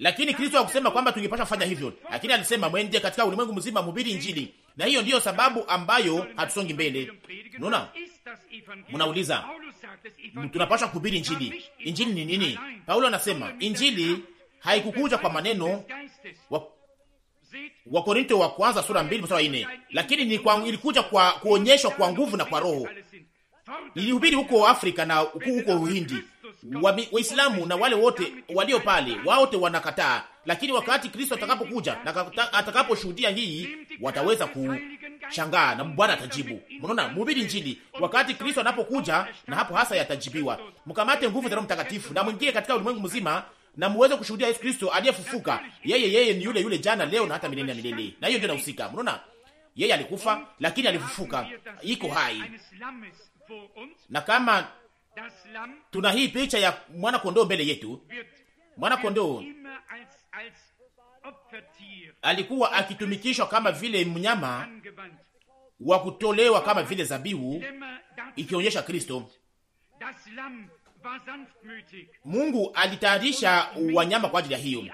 lakini Kristo hakusema kwamba tungepasha kufanya hivyo, lakini alisema mwende katika ulimwengu mzima, mhubiri Injili, na hiyo ndiyo sababu ambayo hatusongi mbele. Unaona, mnauliza tunapasha kuhubiri Injili. Injili ni nini? Paulo anasema Injili haikukuja kwa maneno wa Wakorinto wa kwanza sura mbili mstari nne, lakini ni kwa, ilikuja kwa kuonyeshwa kwa nguvu na kwa Roho. Nilihubiri huko Afrika na huko Uhindi Waislamu na wale wote walio pale, wote wanakataa, lakini wakati Kristo atakapokuja na atakaposhuhudia hii, wataweza kushangaa na Bwana atajibu. Mnaona, mhubiri Injili wakati Kristo anapokuja, na hapo hasa yatajibiwa. Mkamate nguvu za Roho Mtakatifu na mwingie katika ulimwengu mzima na muweze kushuhudia Yesu Kristo aliyefufuka. Yeye yeye ni yule yule jana, leo na hata milele na milele, na hiyo ndio inahusika. Mnaona, yeye alikufa lakini alifufuka, iko hai na kama Tuna hii picha ya mwana kondoo mbele yetu. Mwana kondoo alikuwa akitumikishwa kama vile mnyama wa kutolewa kama vile zabihu, ikionyesha Kristo. Mungu alitayarisha wanyama kwa ajili ya hiyo,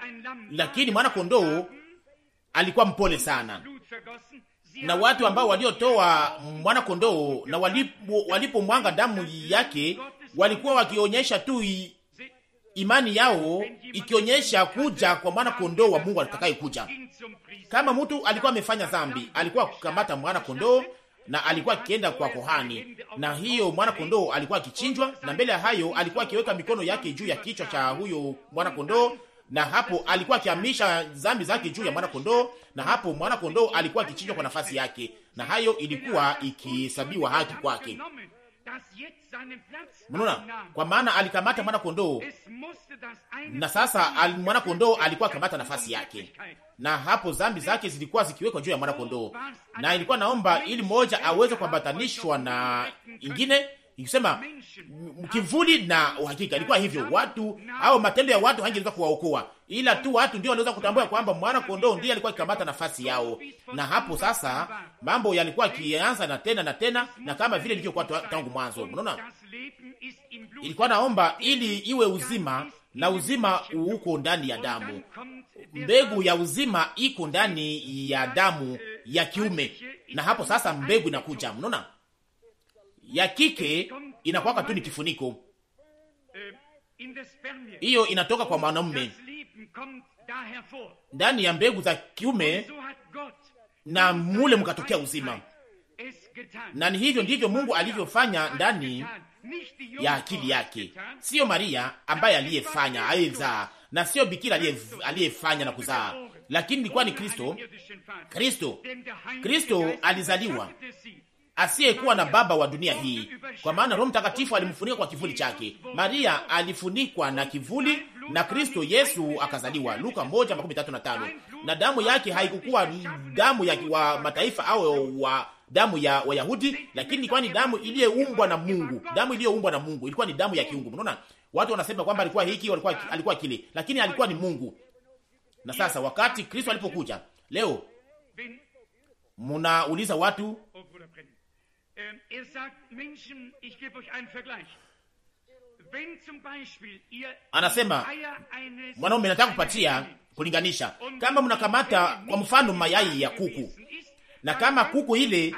lakini mwana kondoo alikuwa mpole sana, na watu ambao waliotoa mwana kondoo na walipomwanga walipo damu yake walikuwa wakionyesha tu imani yao ikionyesha kuja kwa mwana kondoo wa Mungu atakaye kuja. Kama mtu alikuwa amefanya dhambi, alikuwa kukamata mwana kondoo na alikuwa akienda kwa kohani, na hiyo mwana kondoo alikuwa akichinjwa, na mbele ya hayo alikuwa akiweka mikono yake juu ya kichwa cha huyo mwana kondoo, na hapo alikuwa akiamisha dhambi zake juu ya mwana kondoo, na hapo mwana kondoo alikuwa akichinjwa kwa nafasi yake, na hayo ilikuwa ikihesabiwa haki kwake. Mnaona, kwa maana alikamata mwana kondoo, na sasa mwana kondoo alikuwa akamata nafasi yake, na hapo dhambi zake zilikuwa zikiwekwa juu ya mwana kondoo, na ilikuwa naomba ili moja aweze kuambatanishwa na ingine ikisema kivuli na uhakika. Ilikuwa hivyo, watu au matendo ya watu hangeweza kuwaokoa, ila tu watu ndio waliweza kutambua kwamba mwana kondoo ndiye alikuwa akikamata nafasi yao, na hapo sasa mambo yalikuwa akianza na tena na tena, na kama vile ilivyokuwa tangu mwanzo. Unaona, ilikuwa naomba ili iwe uzima na uzima uko ndani ya damu. Mbegu ya uzima iko ndani ya damu ya kiume, na hapo sasa mbegu inakuja. Mnaona ya kike inakuwa tu ni kifuniko, hiyo inatoka kwa mwanamume ndani ya mbegu za kiume, na mule mkatokea uzima. Na ni hivyo ndivyo Mungu alivyofanya ndani ya akili yake, siyo Maria ambaye aliyefanya aliyezaa, na siyo bikira aliyefanya na kuzaa, lakini ilikuwa ni Kristo. Kristo, Kristo alizaliwa asiyekuwa na baba wa dunia hii, kwa maana Roho Mtakatifu alimfunika kwa kivuli chake. Maria alifunikwa na kivuli na Kristo Yesu akazaliwa, Luka 1:35. Na damu yake haikukuwa damu ya wa mataifa au wa damu ya Wayahudi, lakini ilikuwa ni damu iliyoumbwa na Mungu. Damu iliyoumbwa na Mungu ilikuwa ni damu ya kiungu. Unaona, watu wanasema kwamba alikuwa hiki, alikuwa alikuwa kile, lakini alikuwa ni Mungu. Na sasa wakati Kristo alipokuja leo, mnauliza watu Er sagt, Menschen, ich gebe euch einen Vergleich. Anasema mwanaume, nataka kupatia kulinganisha, um kama mnakamata kwa mfano mayai ya kuku, na kama kuku ile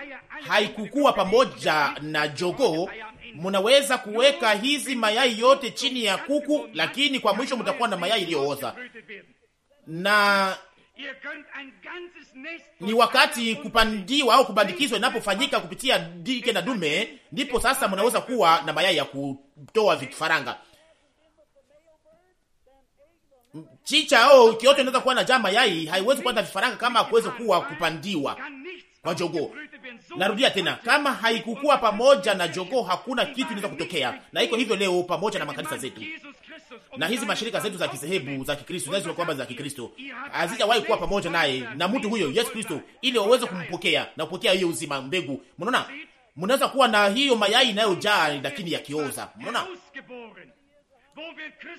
haikukua pamoja na um jogoo, mnaweza kuweka hizi mayai yote chini ya kuku, lakini kwa mwisho mtakuwa na mayai iliyooza na ni wakati kupandiwa au kubandikizwa inapofanyika kupitia dike na dume, ndipo sasa mnaweza kuwa na mayai ya kutoa vifaranga. Chicha au kioto inaweza kuwa na jaa mayai, haiwezi kuwa na vifaranga kama kuweze kuwa kupandiwa wa jogoo. Narudia tena, kama haikukuwa pamoja na jogoo, hakuna kitu inaweza kutokea, na iko hivyo leo pamoja na makanisa zetu na hizi mashirika zetu za kisehebu za Kikristo nazo kwamba za Kikristo hazijawahi kuwa pamoja naye na mtu huyo Yesu Kristo, ili waweze kumpokea na kupokea hiyo uzima mbegu. Mnaona, mnaweza kuwa na hiyo mayai inayojaa lakini yakioza. Mnaona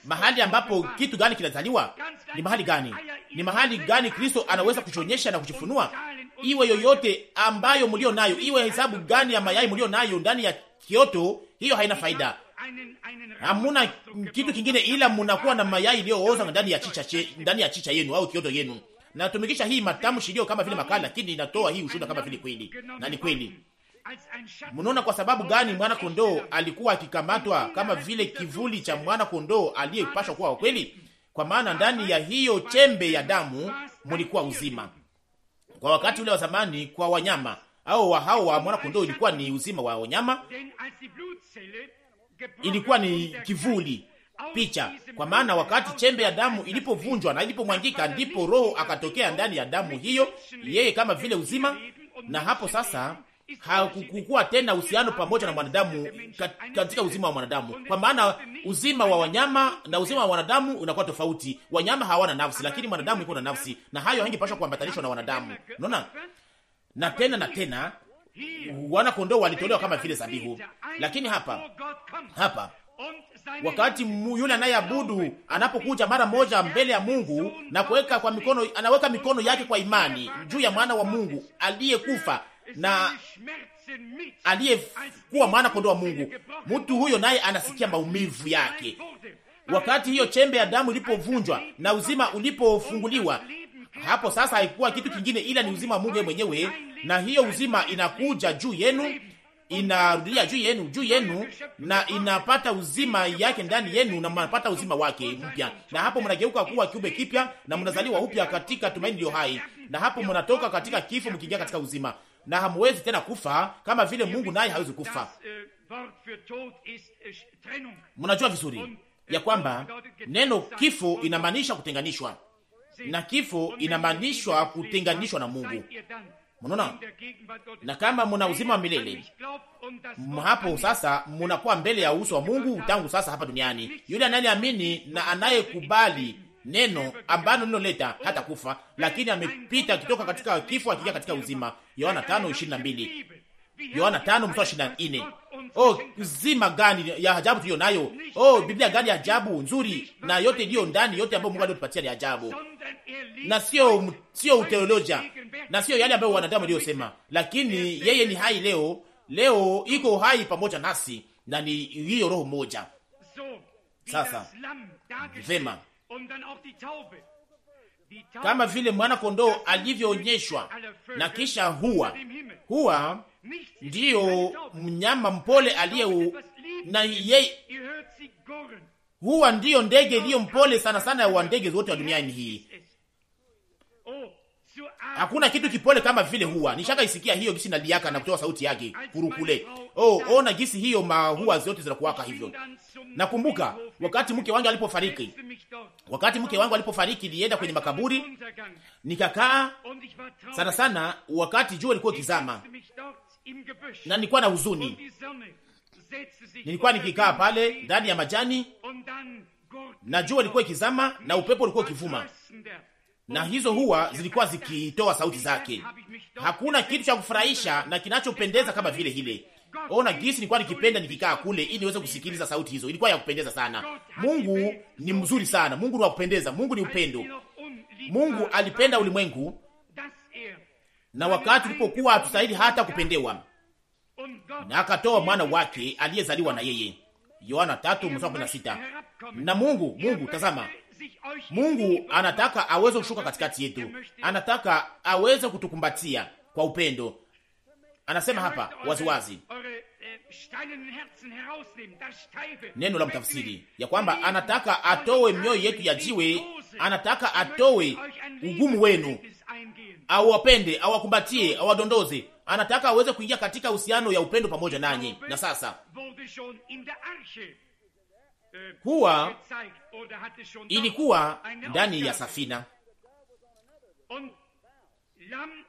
mahali ambapo kitu gani kinazaliwa? Ni mahali gani? Ni mahali gani Kristo anaweza kuchonyesha na kuchifunua iwe yoyote ambayo mlio nayo, iwe hesabu gani ya mayai mlio nayo ndani ya kioto, hiyo haina faida. Hamuna kitu kingine ila mnakuwa na mayai iliyooza ndani ya chicha che, ndani ya chicha yenu au kioto yenu. Natumikisha hii matamshi iliyo kama vile makala, lakini inatoa hii ushuhuda kama vile kweli na ni kweli. Mnaona kwa sababu gani mwana kondoo alikuwa akikamatwa kama vile kivuli cha mwana kondoo aliyepashwa kuwa wa kweli? Kwa maana ndani ya hiyo chembe ya damu mulikuwa uzima. Kwa wakati ule wa zamani kwa wanyama au wa hao wa mwana kondoo ilikuwa ni uzima wa wanyama, ilikuwa ni kivuli picha, kwa maana wakati chembe ya damu ilipovunjwa na ilipomwangika, ndipo roho akatokea ndani ya damu hiyo, yeye kama vile uzima. Na hapo sasa hakukuwa tena uhusiano pamoja na mwanadamu katika uzima wa mwanadamu, kwa maana uzima wa wanyama na uzima wa mwanadamu unakuwa tofauti. Wanyama hawana nafsi, lakini mwanadamu iko na nafsi, na hayo hangepaswa kuambatanishwa na wanadamu. Unaona, na tena na tena wana kondoo walitolewa kama vile zabihu, lakini hapa hapa wakati yule anayeabudu anapokuja mara moja mbele ya Mungu na kuweka kwa mikono, anaweka mikono yake kwa imani juu ya mwana wa Mungu aliyekufa na aliyekuwa mwana kondoo wa Mungu. Mtu huyo naye anasikia maumivu yake. Wakati hiyo chembe ya damu ilipovunjwa na uzima ulipofunguliwa, hapo sasa haikuwa kitu kingine ila ni uzima wa Mungu mwenyewe, na hiyo uzima inakuja juu yenu inarudia juu yenu juu yenu, na inapata uzima yake ndani yenu, na mnapata uzima wake mpya, na hapo mnageuka kuwa kiumbe kipya, na mnazaliwa upya katika tumaini lio hai, na hapo mnatoka katika kifo mkiingia katika uzima na hamwezi tena kufa kama vile Mungu naye hawezi kufa. Uh, uh, Mnajua vizuri uh, ya kwamba neno kifo inamaanisha kutenganishwa, na kifo inamaanishwa kutenganishwa na Mungu. Mnaona, na kama muna uzima wa milele hapo sasa, munakuwa mbele ya uso wa Mungu tangu sasa hapa duniani. Yule anayeamini na anayekubali neno ambalo lililoleta hata kufa, lakini amepita kutoka katika kifo akija katika uzima. Yohana 5:22, Yohana 5:24. Oh, uzima gani ya ajabu tuliyo nayo! Oh, Biblia gani ya ajabu nzuri, na yote iliyo ndani, yote ambayo Mungu alitupatia ni ajabu, na sio sio uteolojia na sio yale ambayo wanadamu aliyosema, lakini yeye ni hai leo. Leo iko hai pamoja nasi na ni hiyo roho moja. Sasa vema kama vile mwana kondoo alivyoonyeshwa, na kisha huwa huwa ndiyo mnyama mpole aliye u... na ye huwa ndiyo ndege iliyo mpole sana sana wa ndege zote wa duniani hii. Oh, Hakuna kitu kipole kama vile huwa. Nishaka isikia hiyo gisi na liaka na kutoa sauti yake kurukule Oh, ona gisi hiyo maua zote zinakuwaka hivyo. Nakumbuka wakati mke wangu alipofariki, wakati mke wangu alipofariki, nilienda kwenye makaburi nikakaa sana sana, wakati jua likuwa kizama na nilikuwa na huzuni. Nilikuwa nikikaa pale ndani ya majani na jua likuwa ikizama na upepo ulikuwa ukivuma na hizo huwa zilikuwa zikitoa sauti zake. Hakuna kitu cha kufurahisha na kinachopendeza kama vile hile. Ona gisi nilikuwa nikipenda nikikaa kule ili niweze kusikiliza sauti hizo. Ilikuwa ya kupendeza sana. Mungu ni mzuri sana. Mungu ni wa kupendeza. Mungu ni upendo. Mungu alipenda ulimwengu na wakati ulipokuwa hatustahili hata kupendewa, na akatoa mwana wake aliyezaliwa na yeye. Yohana 3:16. Na Mungu, Mungu tazama, Mungu anataka aweze kushuka katikati yetu, anataka aweze kutukumbatia kwa upendo Anasema hapa waziwazi neno la mtafsiri ya kwamba anataka atowe mioyo yetu ya jiwe, anataka atowe ugumu wenu, awapende, awakumbatie, awadondoze. Anataka aweze kuingia katika uhusiano ya upendo pamoja nanyi. Na sasa huwa äh, ilikuwa ndani ya safina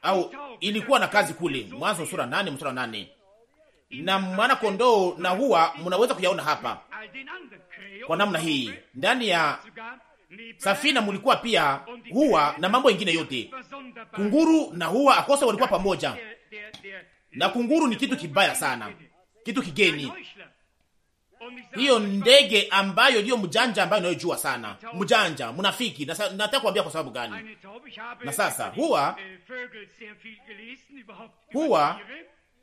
au ilikuwa na kazi kule, Mwanzo sura nane mstari nane na mwana kondoo na huwa mnaweza kuyaona hapa kwa namna hii. Ndani ya safina mulikuwa pia huwa na mambo ingine yote, kunguru na huwa akose walikuwa pamoja, na kunguru ni kitu kibaya sana, kitu kigeni hiyo ndege ambayo ndiyo mjanja ambayo unayojua sana, mjanja mnafiki. Nataka kuambia kwa sababu gani? Na sasa huwa huwa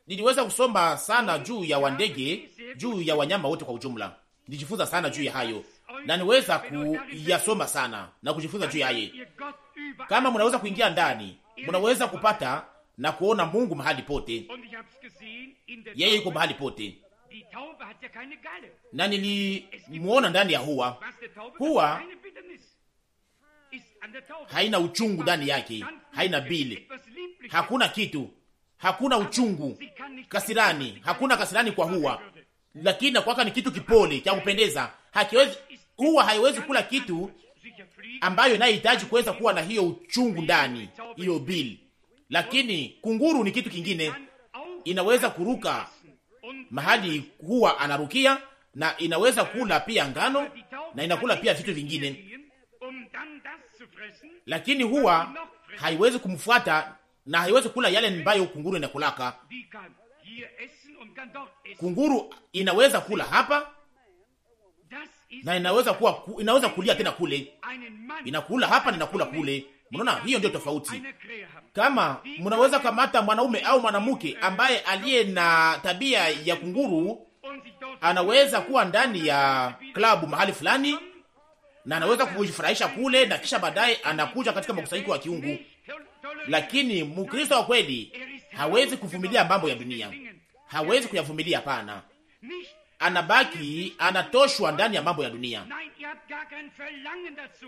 niliweza kusoma sana juu ya wandege, juu ya wanyama wote kwa ujumla, nijifunza sana juu ya hayo na niweza kuyasoma sana na kujifunza juu yaye. Kama mnaweza kuingia ndani, mnaweza kupata na kuona Mungu mahali pote, yeye yuko mahali pote na nilimwona ndani ya huwa huwa haina uchungu ndani yake, haina bile, hakuna kitu, hakuna uchungu kasirani, hakuna kasirani kwa hua, lakini nakwaka ni kitu kipole cha kupendeza. Hakiwezi, haiwezi kula kitu ambayo inayohitaji kuweza kuwa na hiyo uchungu ndani, hiyo bili. Lakini kunguru ni kitu kingine, inaweza kuruka mahali huwa anarukia, na inaweza kula pia ngano na inakula pia vitu vingine, lakini huwa haiwezi kumfuata na haiwezi kula yale ambayo kunguru inakulaka. Kunguru inaweza kula hapa na inaweza kuwa, inaweza kulia tena kule, inakula hapa na inakula kule Mnaona, hiyo ndio tofauti. Kama mnaweza kamata mwanaume au mwanamke ambaye aliye na tabia ya kunguru, anaweza kuwa ndani ya klabu mahali fulani na anaweza kujifurahisha kule, na kisha baadaye anakuja katika makusanyiko ya kiungu. Lakini Mkristo wa kweli hawezi kuvumilia mambo ya dunia, hawezi kuyavumilia. Hapana, anabaki anatoshwa ndani ya mambo ya dunia,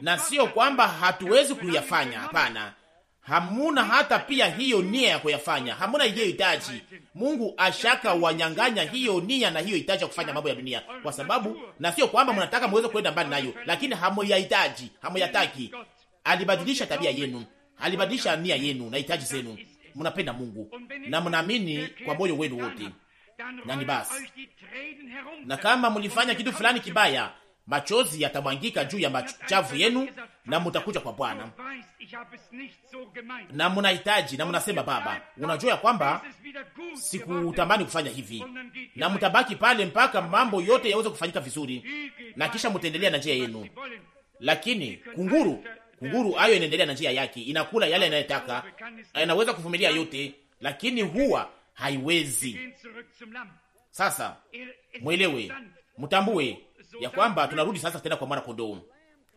na sio kwamba hatuwezi kuyafanya. Hapana, hamuna hata pia hiyo nia ya kuyafanya, hamuna hiyo hitaji. Mungu ashaka wanyang'anya hiyo nia na hiyo hitaji ya kufanya mambo ya dunia, kwa sababu na sio kwamba mnataka muweze kwenda mbali nayo, lakini hamuyahitaji, hamuyataki. Alibadilisha tabia yenu, alibadilisha nia yenu na hitaji zenu. Mnapenda Mungu na mnaamini kwa moyo wenu wote na ni basi. Na kama mlifanya kitu fulani kibaya, machozi yatamwangika juu ya machavu yenu, na mutakuja kwa Bwana na munahitaji na munasema, Baba, unajua ya kwamba sikutamani kufanya hivi, na mutabaki pale mpaka mambo yote yaweze kufanyika vizuri, na kisha mutaendelea na njia yenu. Lakini kunguru, kunguru ayo inaendelea na njia yake, inakula yale inayotaka, anaweza kuvumilia yote, lakini huwa haiwezi. Sasa mwelewe, mtambue ya kwamba tunarudi sasa tena kwa mwana kondoo.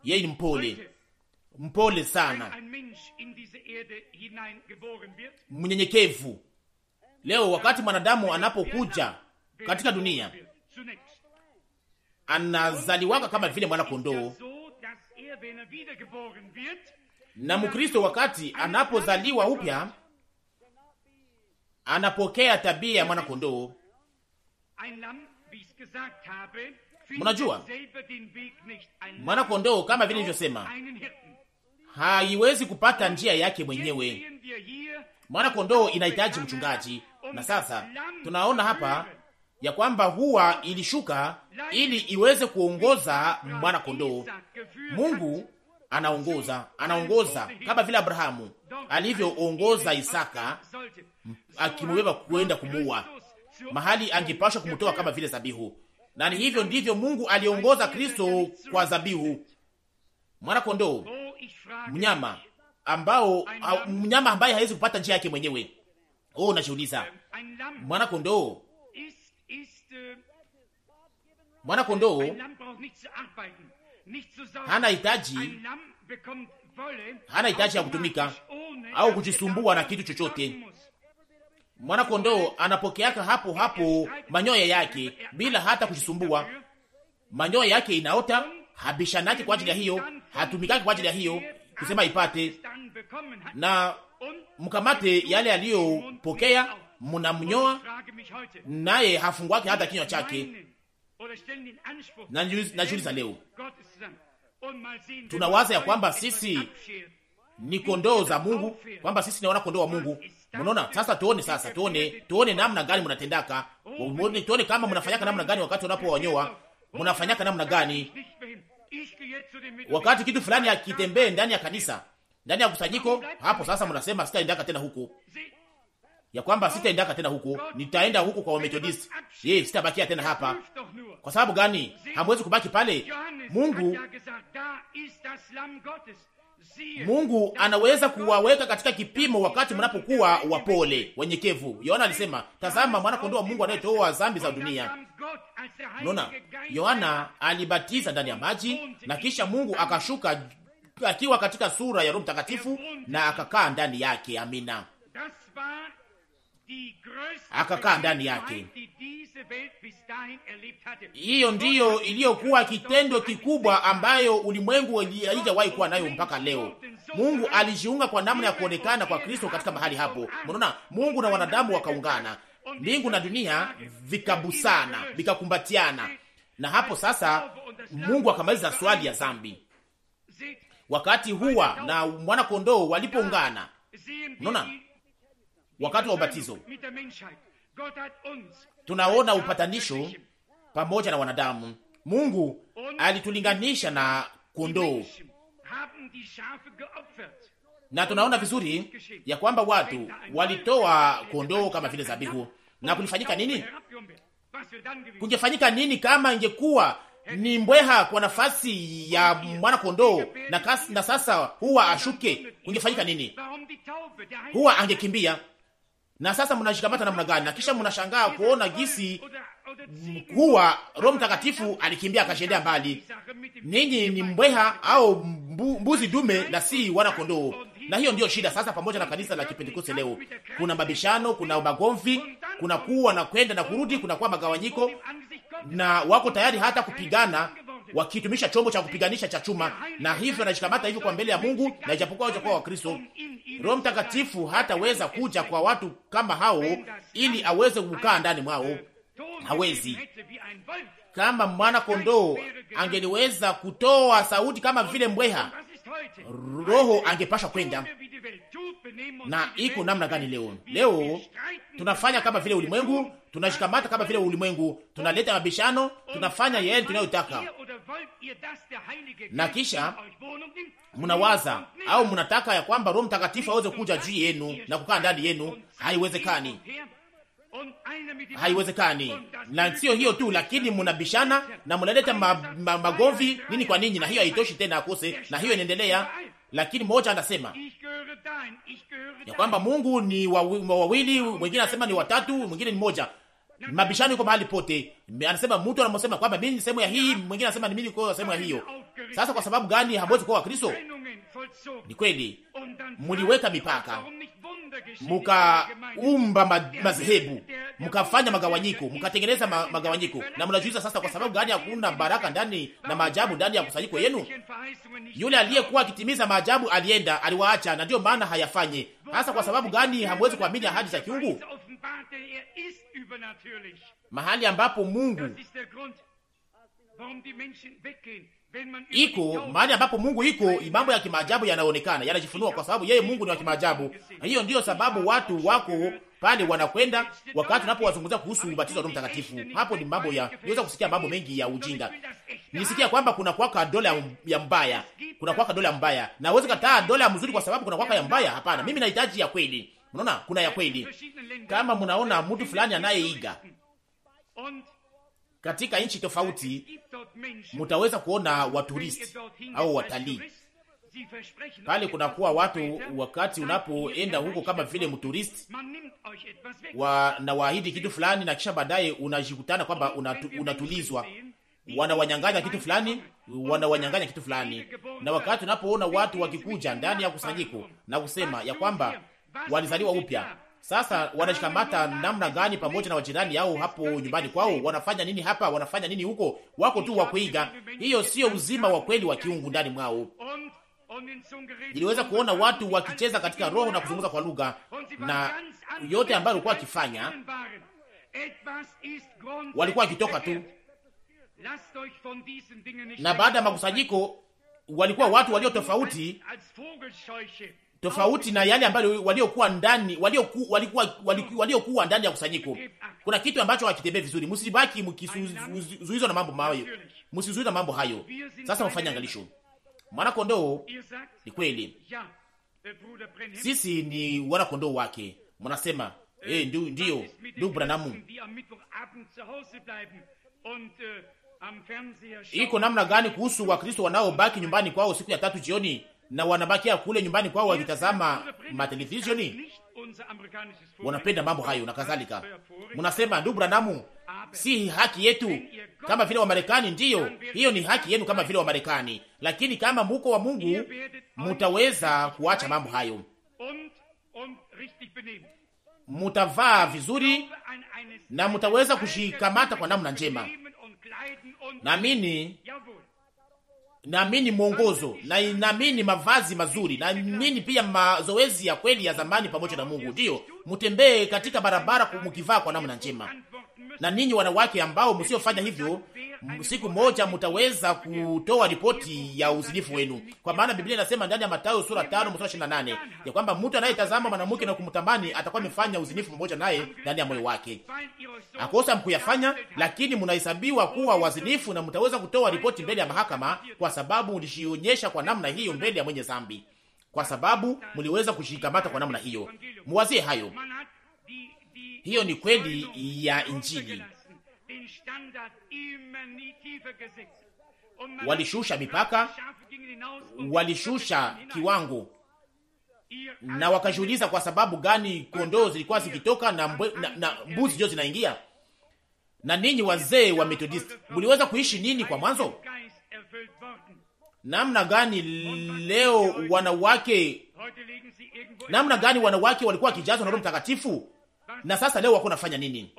Yeye ni mpole, mpole sana, mnyenyekevu. Leo wakati mwanadamu er anapokuja katika dunia anazaliwaka kama vile mwana er kondoo, er, na Mkristo wakati anapozaliwa upya anapokea tabia ya mwanakondoo. Mnajua, mwanakondoo kama vile nilivyosema, haiwezi kupata njia yake mwenyewe. Mwanakondoo inahitaji mchungaji, um na sasa tunaona hapa ya kwamba huwa ilishuka ili iweze kuongoza mwana kondoo. Mungu anaongoza, anaongoza kama vile Abrahamu alivyoongoza Isaka akimubeba kwenda kumuua mahali angepashwa kumtoa kama vile zabihu. Na ni hivyo ndivyo Mungu aliongoza Kristo kwa zabihu, mwana kondoo, mnyama ambao mnyama ambaye hawezi kupata njia yake mwenyewe. Oh, najiuliza mwana kondoo, mwana kondoo hana hitaji hana hitaji ya kutumika au kujisumbua na kitu chochote, mwanakondoo anapokeaka hapo hapo manyoya yake bila hata kujisumbua. Manyoya yake inaota, habishanaki kwa ajili ya hiyo, hatumikaki kwa ajili ya hiyo kusema ipate na mkamate yale aliyopokea, mnamnyoa naye hafungwake hata kinywa chake. Najiuliza leo tunawaza ya kwamba sisi ni kondoo za Mungu, kwamba sisi ni wana kondoo wa Mungu, Mnaona sasa, tuone sasa, tuone tuone namna gani mnatendaka, tuone kama mnafanyaka namna gani wakati unapowanyoa, mnafanyaka namna gani wakati kitu fulani akitembee ndani ya kanisa, ndani ya kusanyiko. Hapo sasa mnasema sitaendaka tena huko, ya kwamba sitaendaka tena huko, nitaenda huko kwa Wamethodisti. Yeye sitabakia tena hapa. Kwa sababu gani? Hamwezi kubaki pale. Mungu Mungu anaweza kuwaweka katika kipimo wakati mnapokuwa wapole wenyekevu. Yohana alisema, tazama mwana kondoo wa Mungu anayetoa dhambi za dunia. Unaona, Yohana alibatiza ndani ya maji na kisha Mungu akashuka akiwa katika sura ya Roho Mtakatifu na akakaa ndani yake. Amina akakaa ndani yake. Hiyo ndiyo iliyokuwa kitendo kikubwa ambayo ulimwengu haijawahi kuwa nayo mpaka leo. Mungu alijiunga kwa namna ya kuonekana kwa Kristo katika mahali hapo. Mnaona, Mungu na wanadamu wakaungana, mbingu na dunia vikabusana, vikakumbatiana, na hapo sasa Mungu akamaliza swali ya zambi Wakati huwa na mwana kondoo walipoungana, mnaona wakati wa ubatizo tunaona upatanisho pamoja na wanadamu. Mungu alitulinganisha na kondoo, na tunaona vizuri ya kwamba watu walitoa kondoo kama vile zabihu, na kulifanyika nini? Kungefanyika nini kama ingekuwa ni mbweha kwa nafasi ya mwana kondoo na, na sasa huwa ashuke, kungefanyika nini? Huwa angekimbia na sasa mnashikamata namna gani? Na kisha mnashangaa kuona gisi kuwa Roho Mtakatifu alikimbia akashendea mbali. Ninyi ni mbweha au mbu, mbuzi dume na si wana kondoo, na hiyo ndiyo shida sasa. Pamoja na kanisa la Kipentekoste leo kuna mabishano, kuna magomvi, kuna kuwa na kwenda na kurudi, kuna kuwa magawanyiko, na wako tayari hata kupigana wakitumisha chombo cha kupiganisha cha chuma, na hivyo anashikamata hivyo kwa mbele ya Mungu, na ijapokuwa hawajakuwa wakristo Kristo, Roho Mtakatifu hataweza kuja kwa watu kama hao ili aweze kukaa ndani mwao, hawezi kama mwana kondoo angeliweza kutoa sauti kama vile mbweha roho angepasha kwenda, na iko namna gani leo? Leo tunafanya kama vile ulimwengu, tunashikamata kama vile ulimwengu, tunaleta mabishano, tunafanya yeye tunayotaka, na kisha mnawaza au mnataka ya kwamba Roho Mtakatifu aweze kuja juu yenu na kukaa ndani yenu. Haiwezekani haiwezekani. Na sio hiyo tu, lakini mnabishana na mnaleta ma, ma, magomvi nini kwa ninyi, na hiyo haitoshi tena akose, na hiyo inaendelea. Lakini mmoja anasema ya kwamba Mungu ni wawili, mwingine anasema ni watatu, mwingine ni moja. Mabishano yuko mahali pote. Anasema mtu anamsema kwamba mimi ni sehemu ya hii, mwingine anasema ni mimi niko sehemu ya hiyo. Sasa kwa sababu gani hamwezi kuwa Wakristo? Ni kweli mliweka mipaka mukaumba madhehebu, mkafanya magawanyiko, mkatengeneza magawanyiko. Na mnajiuliza sasa, kwa sababu gani hakuna baraka ndani na maajabu ndani ya kusanyiko yenu? Yule aliyekuwa akitimiza maajabu alienda, aliwaacha, na ndiyo maana hayafanye hasa. Kwa sababu gani hamwezi kuamini ahadi za kiungu? mahali ambapo Mungu iko mahali ambapo Mungu iko, mambo ya kimaajabu yanaonekana, yanajifunua, kwa sababu yeye Mungu ni wa kimaajabu. Hiyo ndiyo sababu watu wako pale wanakwenda, wakati unapowazungumzia kuhusu ubatizo wa Roho Mtakatifu. Hapo ni mambo ya niweza kusikia mambo mengi ya ujinga. Nisikia kwamba kuna kwaka dola ya mbaya, kuna kwaka dola mbaya, na uweze kataa dola mzuri kwa sababu kuna kwaka ya mbaya. Hapana, mimi nahitaji ya kweli. Unaona, kuna ya kweli. Kama mnaona mtu fulani anayeiga katika nchi tofauti, mutaweza kuona waturisti au watalii pale. Kunakuwa watu wakati unapoenda huko kama vile mturisti wa, na waahidi kitu fulani, na kisha baadaye unajikutana kwamba unatu, unatulizwa wanawanyanganya kitu fulani, wanawanyanganya kitu fulani. Na wakati unapoona watu wakikuja ndani ya kusanyiko na kusema ya kwamba walizaliwa upya sasa wanajikamata namna gani pamoja na wajirani yao hapo nyumbani kwao? Wanafanya nini hapa? Wanafanya nini huko? Wako tu wa kuiga. Hiyo sio uzima wa kweli wa kiungu ndani mwao. Niliweza kuona watu wakicheza katika roho na kuzungumza kwa lugha na yote ambayo walikuwa wakifanya, walikuwa wakitoka tu, na baada ya makusanyiko walikuwa watu walio tofauti tofauti na yale ambayo waliokuwa ndani waliokuwa walikuwa waliokuwa ndani ya kusanyiko. Kuna kitu ambacho hakitembei vizuri, msibaki mkizuizwa na mambo hayo, msizuizwe na mambo hayo. Sasa mfanye angalisho, mwana kondoo ni kweli, sisi ni wana kondoo wake. Mnasema eh, hey, ndio ndio, ndio Branamu, iko namna gani kuhusu Wakristo wanaobaki nyumbani kwao siku ya tatu jioni na wanabakia kule nyumbani kwao wakitazama matelevisioni, wanapenda mambo hayo na kadhalika. Mnasema ndugu Branamu, si haki yetu kama vile Wamarekani? Ndiyo, hiyo ni haki yenu kama vile Wamarekani, lakini kama muko wa Mungu mutaweza kuacha mambo hayo, mutavaa vizuri na mutaweza kushikamata kwa namna njema. Naamini naamini mwongozo na naamini mavazi mazuri, naamini pia mazoezi ya kweli ya zamani pamoja na Mungu. Ndiyo, mtembee katika barabara mkivaa kwa namna njema. Na ninyi wanawake ambao msiofanya hivyo, siku moja mtaweza kutoa ripoti ya uzinifu wenu, kwa maana Biblia inasema ndani ya Mathayo sura 5 mstari 28 ya kwamba mtu anayetazama mwanamke na kumtamani atakuwa amefanya uzinifu pamoja naye ndani ya moyo wake. Akosa mkuyafanya, lakini mnahesabiwa kuwa wazinifu na mtaweza kutoa ripoti mbele ya mahakama, kwa sababu ulishionyesha kwa namna hiyo mbele ya mwenye dhambi, kwa sababu mliweza kushikamata kwa namna hiyo. Muwazie hayo. Hiyo ni kweli ya Injili. Walishusha mipaka, walishusha kiwango, na wakajiuliza kwa sababu gani kondoo zilikuwa zikitoka na, mbu, na, na mbuzi ndio zinaingia. Na ninyi wazee wa Methodist mliweza kuishi nini kwa mwanzo? Namna gani leo wanawake, namna gani wanawake walikuwa wakijazwa na Roho Mtakatifu na sasa leo wako nafanya nini?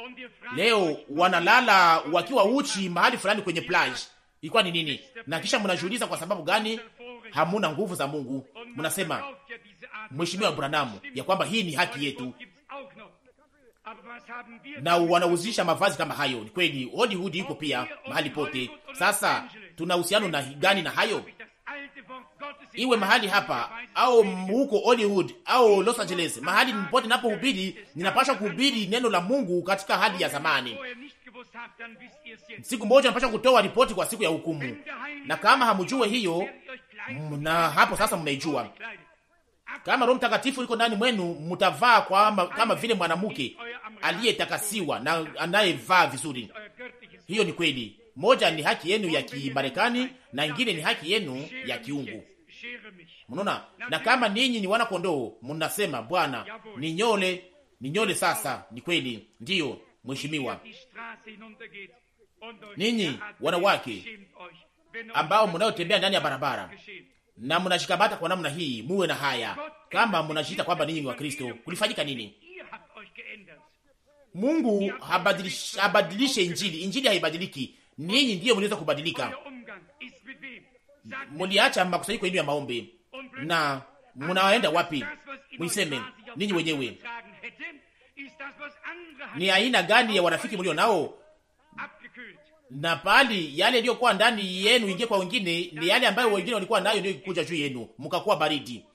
Leo wanalala wakiwa uchi mahali fulani kwenye plage. Ilikuwa ni nini? Na kisha mnajiuliza kwa sababu gani hamuna nguvu za Mungu. Mnasema Mheshimiwa Branamu ya kwamba hii ni haki yetu na wanauzisha mavazi kama hayo. Ni kweli, Hollywood iko pia mahali pote. Sasa tuna uhusiano na gani na hayo? iwe mahali hapa au huko Hollywood au Los Angeles, mahali pote ninapohubiri, ninapaswa kuhubiri neno la Mungu katika hali ya zamani. Siku moja napasha kutoa ripoti kwa siku ya hukumu, na kama hamjue hiyo, na hapo sasa mnaijua. Kama Roho Mtakatifu iko ndani mwenu, mtavaa kama, kama vile mwanamke aliyetakasiwa na anayevaa vizuri. Hiyo ni kweli. Moja ni haki yenu ya Kimarekani na ingine ni haki yenu ya kiungu. Mnaona, na kama ninyi ni wana kondoo, mnasema Bwana ni ninyole. Sasa ni kweli, ndiyo mheshimiwa, ninyi wanawake ambao mnayotembea ndani ya barabara na mnashikamata kwa namna hii, muwe na haya. Kama mnashita kwamba ninyi ni Wakristo, kulifanyika nini? Mungu habadilishe, habadilishe Injili. Injili haibadiliki, ninyi ndiyo mliweza kubadilika muliacha makusanyiko yenu ya maombi na munaenda wapi? Mwiseme ninyi wenyewe, ni aina gani ya warafiki mlio nao? Na pali yale yaliyokuwa ndani yenu ingie kwa wengine, ni yale ambayo wengine walikuwa nayo, ndio ikuja juu yenu, mkakuwa baridi,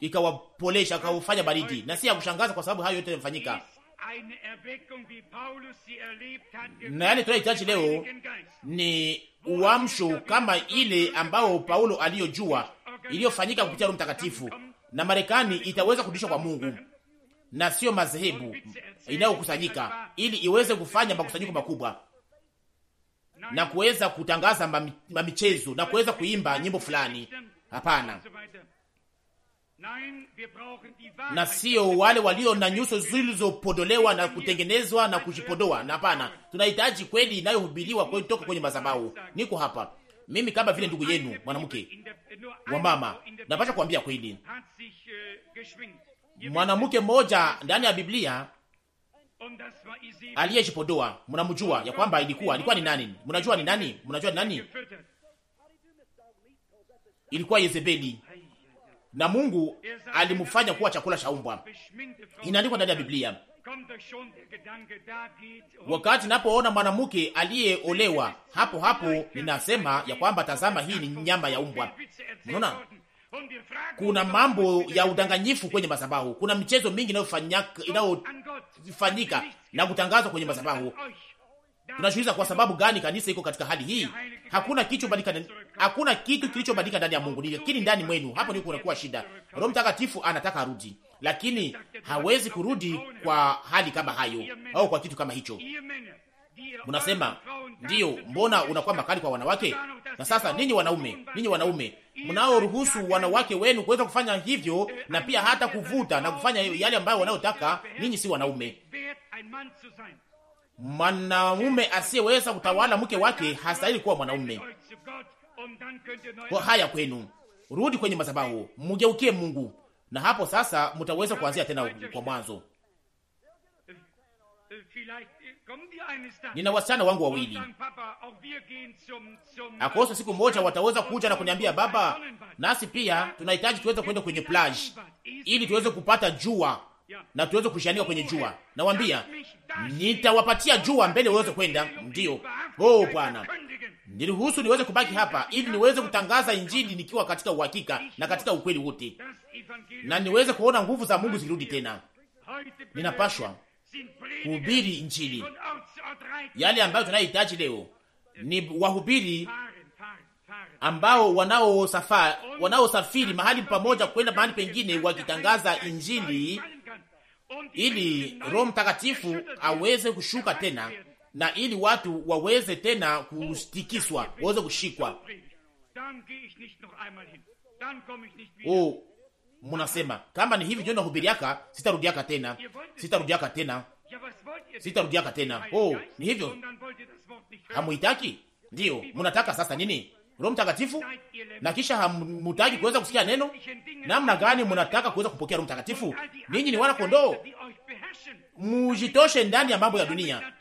ikawapolesha, akawafanya baridi. Na si ya kushangaza, kwa sababu hayo yote yamefanyika, na yale tunahitaji leo ni uamsho kama ile ambao Paulo aliyojua iliyofanyika kupitia Roho Mtakatifu, na Marekani itaweza kurudishwa kwa Mungu na sio madhehebu inayokusanyika, ili iweze kufanya makusanyiko makubwa na kuweza kutangaza mamichezo na kuweza kuimba nyimbo fulani. Hapana, na sio wale walio na nyuso zilizopodolewa na kutengenezwa na kujipodoa. Na hapana, tunahitaji kweli inayohubiriwa kweli toka kwenye mazabau Niko hapa mimi kama vile ndugu yenu mwanamke wa mama, napasha kuambia kweli, mwanamke mmoja ndani ya Biblia aliyejipodoa, mnamjua ya kwamba ilikuwa ilikuwa ni nani? Mnajua ni nani? Mnajua ni nani? Ilikuwa Yezebeli na Mungu alimfanya kuwa chakula cha umbwa. Inaandikwa ndani ya Biblia. Wakati napoona mwanamke aliyeolewa, hapo hapo ninasema ya kwamba tazama, hii ni nyama ya umbwa. Unaona, kuna mambo ya udanganyifu kwenye masabahu, kuna michezo mingi inayofanyika na kutangazwa kwenye masabahu. Tunashuhuliza kwa sababu gani kanisa iko katika hali hii? Hakuna kichwa bali Hakuna kitu kilichobadilika ndani ya Mungu, lakini ndani mwenu, hapo ndipo kunakuwa shida. Roho Mtakatifu anataka arudi, lakini hawezi kurudi kwa hali kama hayo au kwa kitu kama hicho. Mnasema ndiyo, mbona unakuwa makali kwa wanawake? Na sasa ninyi wanaume, ninyi wanaume mnaoruhusu wanawake wenu kuweza kufanya hivyo na pia hata kuvuta na kufanya yale ambayo wanayotaka, ninyi si wanaume. Mwanaume asiyeweza kutawala mke wake hastahili kuwa mwanaume. Kwa haya kwenu, rudi kwenye madhabahu, mgeukie Mungu, na hapo sasa mtaweza kuanzia tena kwa mwanzo. Nina wasichana wangu wawili akoso, siku moja wataweza kuja na kuniambia, baba, nasi pia tunahitaji tuweze kwenda kwenye plage ili tuweze kupata jua na tuweze kushanika kwenye jua. Nawambia nitawapatia jua mbele waweze kwenda. ndio oh Bwana, niruhusu niweze kubaki hapa ili niweze kutangaza injili nikiwa katika uhakika na katika ukweli wote, na niweze kuona nguvu za Mungu zikirudi tena. Ninapashwa kuhubiri injili. Yale ambayo tunayohitaji leo ni wahubiri ambao wanaosafiri wanao mahali pamoja kwenda mahali pengine, wakitangaza injili ili Roho Mtakatifu aweze kushuka tena na ili watu waweze tena kutikiswa, waweze kushikwa. Oh, munasema kama ni hivi, ndio hubiriaka, sitarudiaka tena, sitarudiaka tena, sitarudiaka tena. Oh, ni hivyo, hamuitaki? Ndiyo, munataka sasa nini? Roho Mtakatifu na kisha hamutaki kuweza kusikia neno. Namna gani munataka kuweza kupokea Roho Mtakatifu? Ninyi ni wana kondoo, mujitoshe ndani ya mambo ya dunia,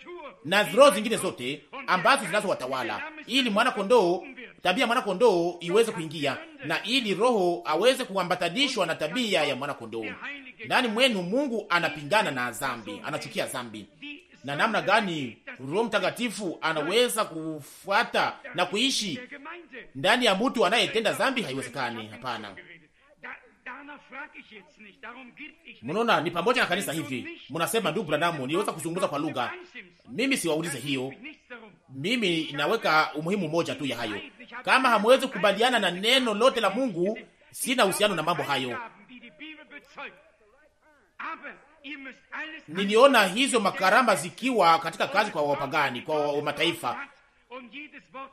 na roho zingine zote ambazo watawala, ili mwana kondoo, tabia ya mwana kondoo iweze kuingia na ili roho aweze kuambatanishwa na tabia ya mwana kondoo. Ndani mwenu Mungu anapingana na dhambi, anachukia dhambi. Na namna gani Roho Mtakatifu anaweza kufuata na kuishi ndani ya mtu anayetenda dhambi? Haiwezekani, hapana. Mnaona ni pamoja na kanisa hivi, mnasema ndugu Branamu, niweza kuzungumza kwa lugha. Mimi siwaulize hiyo, mimi naweka umuhimu mmoja tu ya hayo. Kama hamwezi kukubaliana na neno lote la Mungu, sina uhusiano na mambo hayo. Niliona hizo makarama zikiwa katika kazi kwa wapagani, kwa mataifa, er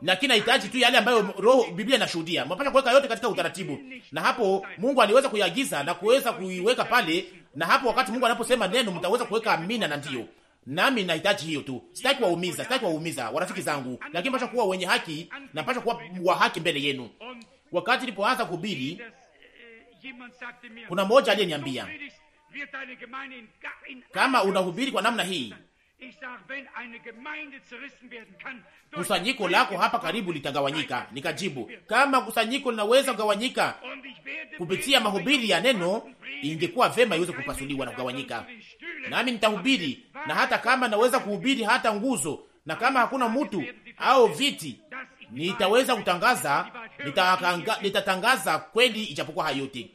lakini haitaji tu yale ambayo roho Biblia inashuhudia. Mwapasha kuweka yote katika utaratibu, na hapo Mungu aliweza kuiagiza na kuweza kuiweka pale, na hapo wakati Mungu anaposema neno mtaweza kuweka amina na ndio. Nami nahitaji hiyo tu, sitaki waumiza, sitaki kuwaumiza warafiki zangu, lakini pasha kuwa wenye haki na pasha kuwa wa haki mbele yenu. Wakati nilipoanza kuhubiri, kuna mmoja aliyeniambia kama unahubiri kwa namna hii kusanyiko lako hapa karibu litagawanyika. Nikajibu, kama kusanyiko linaweza kugawanyika kupitia mahubiri ya neno, ingekuwa vema iweze kupasuliwa na kugawanyika. Nami nitahubiri, na hata kama naweza kuhubiri hata nguzo, na kama hakuna mtu au viti, nitaweza kutangaza, nitatangaza kweli, ijapokuwa hayote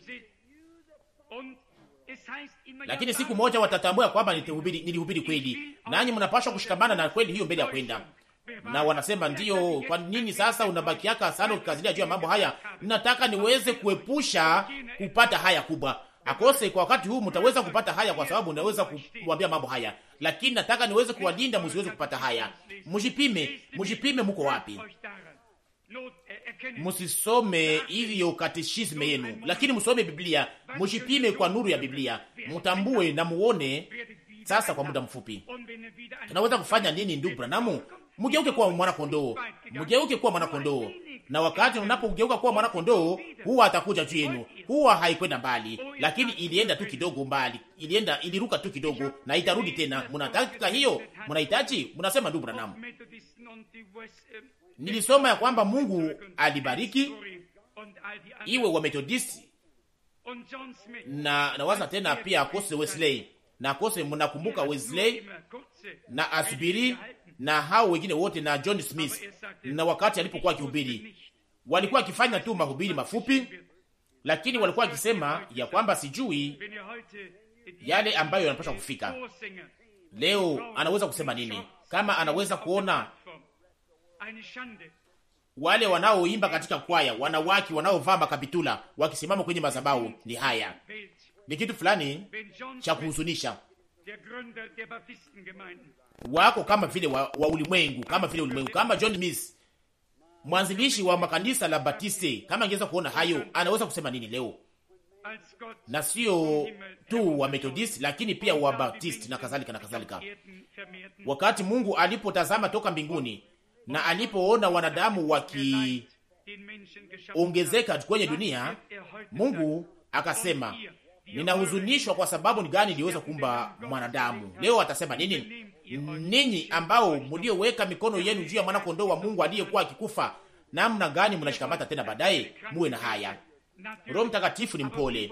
lakini siku moja watatambua kwamba nilihubiri, nilihubiri kweli, nanyi mnapashwa kushikamana na kweli hiyo mbele ya kwenda na wanasema ndiyo. Kwa nini sasa unabakiaka sana ukazilia juu ya mambo haya? Ninataka niweze kuepusha kupata haya kubwa akose. Kwa wakati huu mtaweza kupata haya, kwa sababu unaweza kuambia mambo haya, lakini nataka niweze kuwalinda msiweze kupata haya. Mjipime, mjipime, mko wapi? musisome hivyo katekisme yenu, lakini musome Biblia, mushipime kwa nuru ya Biblia, mutambue na muone. Sasa kwa muda mfupi tunaweza kufanya nini, ndugu Branamu? Mugeuke kuwa mwana kondoo, mugeuke kuwa mwana kondoo. Na wakati unapogeuka kuwa mwana kondoo, huwa atakuja juu yenu. Huwa haikwenda mbali, lakini ilienda tu kidogo mbali, ilienda iliruka tu kidogo na itarudi tena. Mnataka hiyo? Mnahitaji? Mnasema, ndugu Branamu Nilisoma ya kwamba Mungu alibariki iwe Wamethodisti na nawaza tena pia akose Wesley na akose, mnakumbuka Wesley na Asbury na hao wengine wote na John Smith, na wakati alipokuwa akihubiri walikuwa akifanya tu mahubiri mafupi, lakini walikuwa akisema ya kwamba sijui yale ambayo yanapaswa kufika leo. Anaweza kusema nini? Kama anaweza kuona wale wanaoimba katika kwaya, wanawake wanaovaa makapitula wakisimama kwenye madhabahu, ni haya ni kitu fulani cha kuhuzunisha. Wako kama vile wa, wa ulimwengu kama vile ulimwengu, kama John Mills mwanzilishi wa makanisa la Batiste, kama angeweza kuona hayo, anaweza kusema nini leo? Na sio tu wa Methodist, lakini pia wa Baptist na kadhalika na kadhalika. Wakati Mungu alipotazama toka mbinguni na alipoona wanadamu wakiongezeka kwenye dunia, Mungu akasema, ninahuzunishwa kwa sababu ni gani niliweza kuumba mwanadamu. Leo atasema nini? Ninyi ambao mlioweka mikono yenu juu ya mwanakondoo wa Mungu aliyekuwa akikufa, namna gani mnashikamata tena baadaye? Muwe na haya. Roho Mtakatifu ni mpole.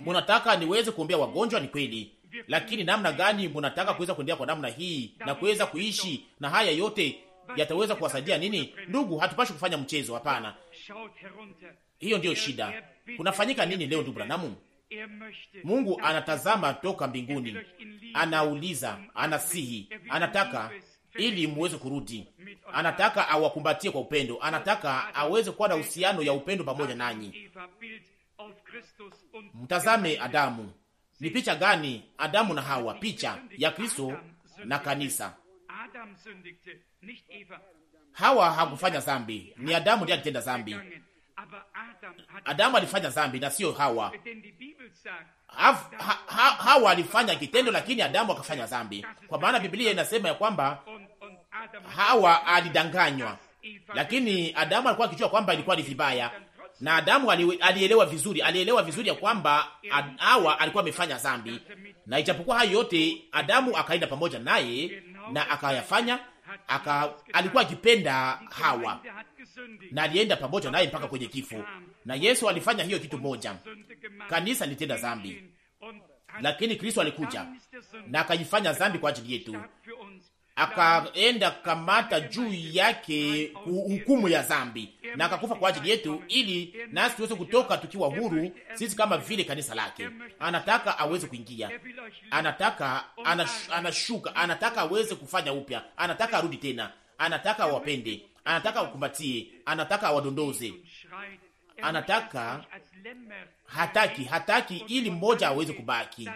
Munataka niweze kuombea wagonjwa, ni kweli lakini namna gani munataka kuweza kuendelea kwa namna hii na kuweza kuishi na haya yote yataweza kuwasaidia nini? Ndugu, hatupashi kufanya mchezo, hapana. Hiyo ndiyo shida. Kunafanyika nini leo, ndugu Branamu? Mungu anatazama toka mbinguni, anauliza, anasihi, anataka ili muweze kurudi. Anataka awakumbatie kwa upendo, anataka aweze kuwa na uhusiano ya upendo pamoja nanyi. Mtazame Adamu ni picha gani? Adamu na Hawa, picha ya Kristo na kanisa. Hawa hakufanya zambi, ni Adamu ndiye alitenda zambi. Adamu alifanya zambi na sio Hawa. Haf, ha, ha, Hawa alifanya kitendo, lakini Adamu akafanya zambi, kwa maana Biblia inasema ya kwamba Hawa alidanganywa, lakini Adamu alikuwa akijua kwamba ilikuwa ni vibaya na Adamu alielewa vizuri, alielewa vizuri ya kwamba Hawa alikuwa amefanya zambi na ijapokuwa hayo yote Adamu akaenda pamoja naye na akayafanya aka, alikuwa akipenda Hawa na alienda pamoja naye mpaka kwenye kifo, na Yesu alifanya hiyo kitu moja. Kanisa litenda zambi lakini Kristo alikuja na akajifanya zambi kwa ajili yetu, akaenda kamata juu yake hukumu ya zambi na akakufa kwa ajili yetu, ili nasi tuweze kutoka tukiwa huru, sisi kama vile kanisa lake. Anataka aweze kuingia, anataka anashuka, anataka aweze kufanya upya, anataka arudi tena, anataka awapende, anataka akumbatie, anataka awadondoze, anataka hataki hataki, ili mmoja aweze kubaki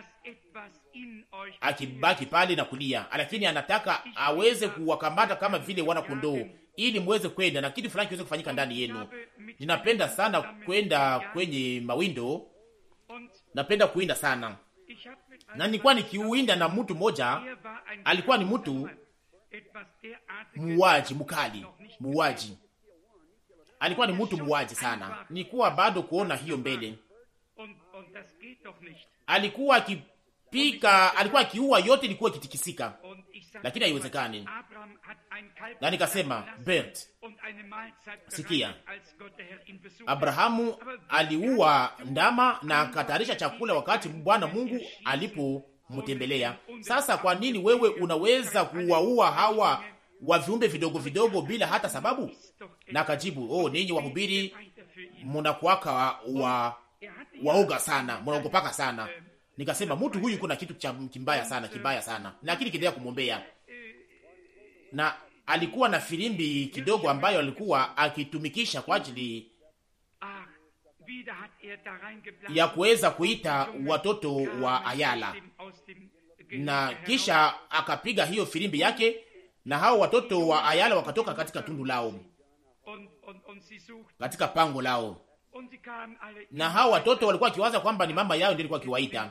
akibaki pale na kulia, lakini anataka aweze kuwakamata kama vile wana kondoo, ili mweze kwenda na kitu fulani kiweze kufanyika ndani yenu. Ninapenda sana kwenda kwenye mawindo, napenda kuinda sana, na nilikuwa nikiwinda na mtu mmoja, alikuwa ni mtu muwaji mkali, muwaji, alikuwa ni mtu muwaji sana. Nilikuwa bado kuona hiyo mbele, alikuwa pika alikuwa akiua, yote ilikuwa ikitikisika, lakini haiwezekani. Na nikasema Bert, sikia, Abrahamu aliua ndama na akatayarisha chakula wakati Bwana Mungu alipomtembelea. Sasa kwa nini wewe unaweza kuwaua hawa wa viumbe vidogo vidogo bila hata sababu? Na akajibu, oh, ninyi wahubiri munakuwaka wa, wa, waoga sana, munaogopaka sana Nikasema mtu huyu kuna kitu cha kimbaya sana, kibaya sana, lakini kidea kumwombea, na alikuwa na filimbi kidogo ambayo alikuwa akitumikisha kwa ajili ya kuweza kuita watoto wa Ayala, na kisha akapiga hiyo filimbi yake, na hao watoto wa Ayala wakatoka katika tundu lao, katika pango lao na hao watoto walikuwa wakiwaza kwamba ni mama yao ndiye ilikuwa akiwaita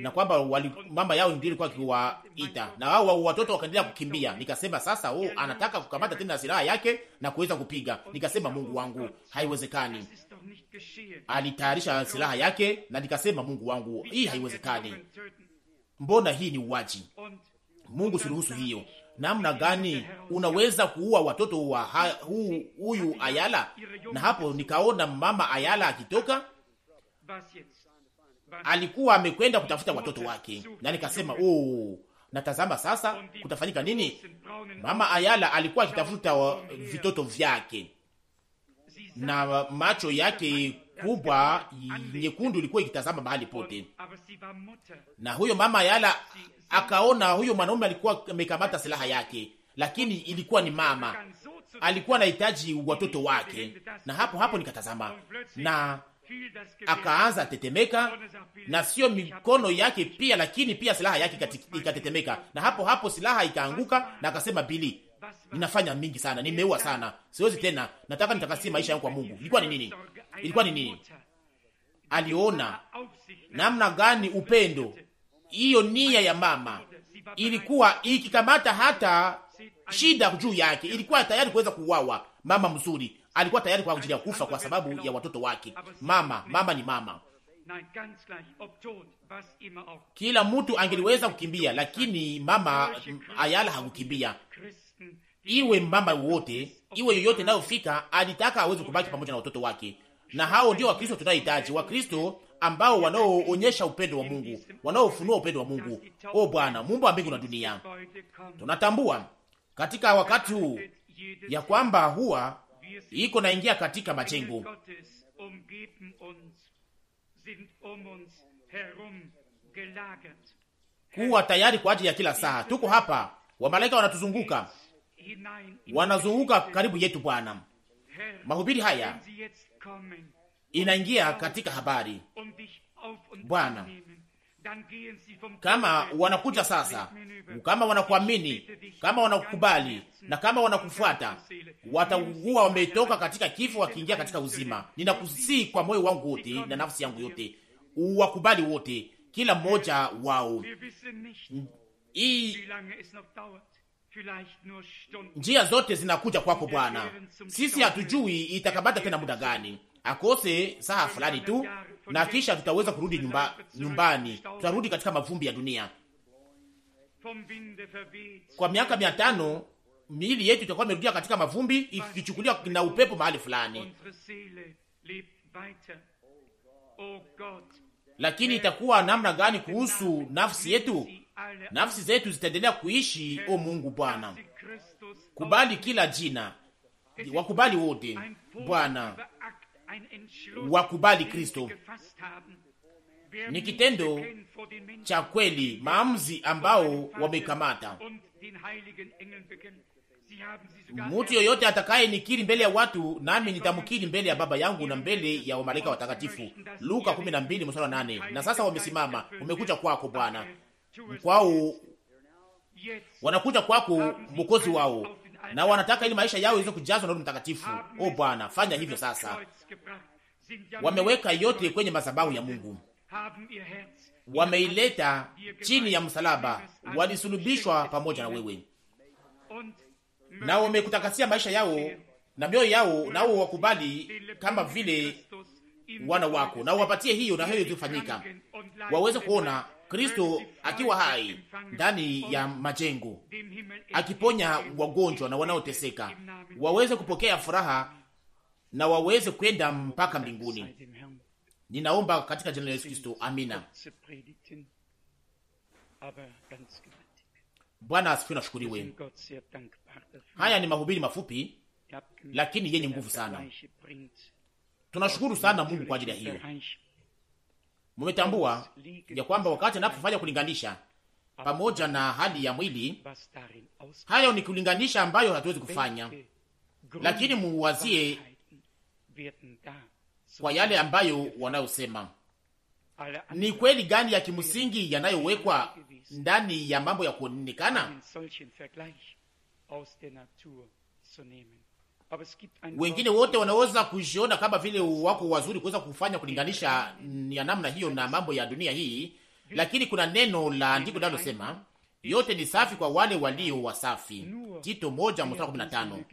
na kwamba wali, mama yao ndiye ilikuwa akiwaita, na hao watoto wakaendelea kukimbia. Nikasema sasa, huu oh, anataka kukamata tena silaha yake na kuweza kupiga. Nikasema Mungu wangu, haiwezekani. Alitayarisha silaha yake, na nikasema Mungu wangu, hii haiwezekani, mbona hii ni uwaji? Mungu, siruhusu hiyo namna gani unaweza kuua watoto wa huyu hu, Ayala. Na hapo nikaona mama Ayala akitoka, alikuwa amekwenda kutafuta watoto wake, na nikasema oh, natazama sasa kutafanyika nini. Mama Ayala alikuwa akitafuta vitoto vyake na macho yake kubwa nyekundu ilikuwa ikitazama mahali pote, na huyo mama Ayala akaona huyo mwanaume alikuwa amekamata silaha yake, lakini ilikuwa ni mama, alikuwa anahitaji watoto wake, na hapo hapo nikatazama na akaanza tetemeka, na sio mikono yake pia, lakini pia silaha yake ikatetemeka, na hapo hapo silaha ikaanguka, na akasema Bili, ninafanya mingi sana, nimeua sana, siwezi tena, nataka nitakasie maisha yangu kwa Mungu. Ilikuwa ni nini? Ilikuwa ni nini? Aliona namna gani upendo hiyo nia ya mama ilikuwa ikikamata hata shida juu yake, ilikuwa tayari kuweza kuuawa. Mama mzuri alikuwa tayari kwa ajili ya kufa kwa sababu ya watoto wake. Mama, mama ni mama. Kila mtu angeliweza kukimbia, lakini mama Ayala hakukimbia. Iwe mama wote, iwe yoyote inayofika, alitaka aweze kubaki pamoja na watoto wake, na hao ndio Wakristo tunaohitaji. Wakristo ambao wanaoonyesha upendo wa Mungu, wanaofunua upendo wa Mungu. O Bwana Mungu wa mbingu na dunia, tunatambua katika wakati huu ya kwamba huwa iko naingia katika majengo kuwa tayari kwa ajili ya kila saa. Tuko hapa, wamalaika wanatuzunguka, wanazunguka karibu yetu. Bwana, mahubiri haya inaingia katika habari. Bwana, kama wanakuja sasa, kama wanakuamini, kama wanakubali na kama wanakufuata, watakuwa wametoka katika kifo wakiingia katika uzima. Ninakusii kwa moyo wangu wote na nafsi yangu yote, uwakubali wote, kila mmoja wao. Mm, I... njia zote zinakuja kwako Bwana, sisi hatujui itakabata tena muda gani akose saa fulani tu, na kisha tutaweza kurudi nyumba, nyumbani. Tutarudi katika mavumbi ya dunia kwa miaka mia tano. Miili yetu itakuwa imerudia katika mavumbi, ikichukuliwa na upepo mahali fulani, lakini itakuwa namna gani kuhusu nafsi yetu? Nafsi zetu zitaendelea kuishi. O Mungu Bwana, kubali kila jina, wakubali wote Bwana wakubali Kristo. Ni kitendo cha kweli, maamuzi ambao wamekamata. Mutu yoyote atakaye nikiri mbele ya watu, nami nitamkiri mbele ya Baba yangu na mbele ya wamalaika watakatifu. Luka 12:8. Na sasa wamesimama, wamekuja kwako Bwana, kwao wanakuja kwako Mwokozi wao, na wanataka ili maisha yao iweze kujazwa na Roho Mtakatifu. O Bwana, fanya hivyo sasa wameweka yote kwenye madhabahu ya Mungu, wameileta chini ya msalaba, walisulubishwa pamoja na wewe, na wamekutakasia maisha yao na mioyo yao, nao wakubali kama vile wana wako, na uwapatie hiyo, na hiyo ikifanyika, waweze kuona Kristo akiwa hai ndani ya majengo, akiponya wagonjwa na wanaoteseka, waweze kupokea furaha na waweze kwenda mpaka mbinguni. Ninaomba katika jina la Yesu Kristo, amina. Bwana asifiwe nashukuriwe. Haya ni mahubiri mafupi lakini yenye nguvu sana. Tunashukuru sana Mungu kwa ajili ya hiyo. Mumetambua ya kwamba wakati anapofanya kulinganisha pamoja na hali ya mwili, hayo ni kulinganisha ambayo hatuwezi kufanya, lakini muwazie kwa yale ambayo wanayosema. Ni kweli gani ya kimsingi yanayowekwa ndani ya mambo ya kuonekana? Wengine wote wanaweza kujiona kama vile wako wazuri kuweza kufanya kulinganisha ya namna hiyo na mambo ya dunia hii, lakini kuna neno la andiko linalosema yote ni safi kwa wale walio wasafi. Tito moja mstari kumi na tano.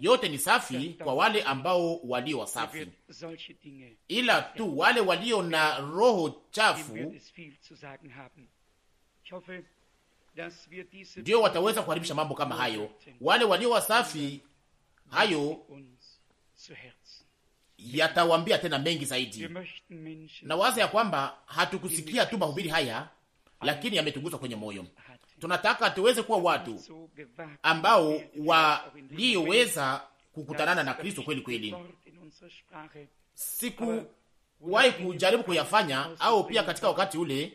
Yote ni safi kwa wale ambao walio wasafi, ila tu wale walio na roho chafu ndio wataweza kuharibisha mambo kama hayo. Wale walio wasafi, hayo yatawambia tena mengi zaidi, na waza ya kwamba hatukusikia tu mahubiri haya, lakini yametugusa kwenye moyo tunataka tuweze kuwa watu ambao walioweza kukutanana na Kristo kweli kweli. Sikuwahi kujaribu kuyafanya, au pia katika wakati ule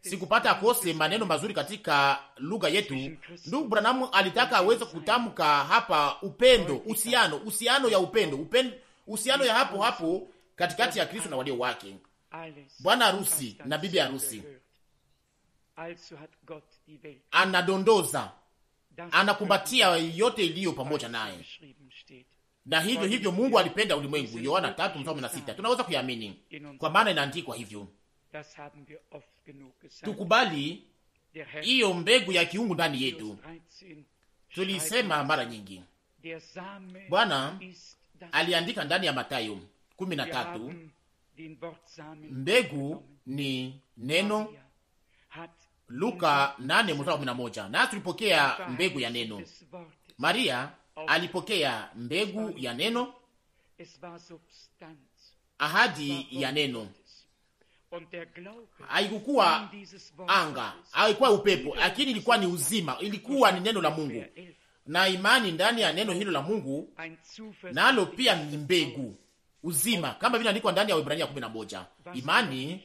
sikupata kose maneno mazuri katika lugha yetu. Ndugu Branham alitaka aweze kutamka hapa upendo, uhusiano, uhusiano ya upendo, upendo, uhusiano ya hapo hapo katikati ya Kristo na walio wake, bwana harusi na bibi harusi anadondoza, anakumbatia yote iliyo pamoja naye, na hivyo hivyo Mungu alipenda ulimwengu. Yohana 3:16. Tunaweza kuiamini kwa maana inaandikwa hivyo. Tukubali hiyo mbegu ya kiungu ndani yetu. Tulisema mara nyingi, Bwana aliandika ndani ya Matayo 13, mbegu ni neno Luka 8:11. Na tulipokea mbegu ya neno. Maria alipokea mbegu ya neno, ahadi ya neno. Haikukuwa anga, haikuwa upepo, lakini ilikuwa ni uzima, ilikuwa ni neno la Mungu, na imani ndani ya neno hilo la Mungu nalo pia ni mbegu uzima, kama vile andikwa ndani ya Waebrania 11. Imani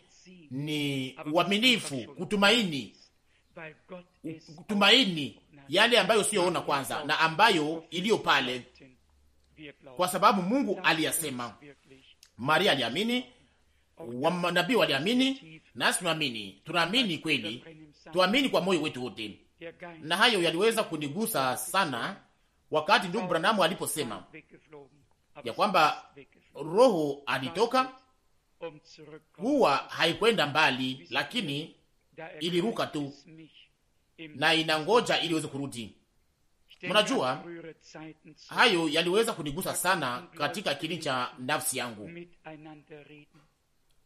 ni uaminifu, kutumaini tumaini yale ambayo usiyoona kwanza na ambayo iliyo pale, kwa sababu Mungu aliyasema. Maria aliamini, wanabii waliamini, nasi tunaamini. Tunaamini kweli, tuamini kwa moyo wetu wote, na hayo yaliweza kunigusa sana wakati ndugu Branamu aliposema ya kwamba roho alitoka, huwa haikwenda mbali, lakini iliruka tu na inangoja ili iweze kurudi. Mnajua, hayo yaliweza kunigusa sana katika kili cha nafsi yangu.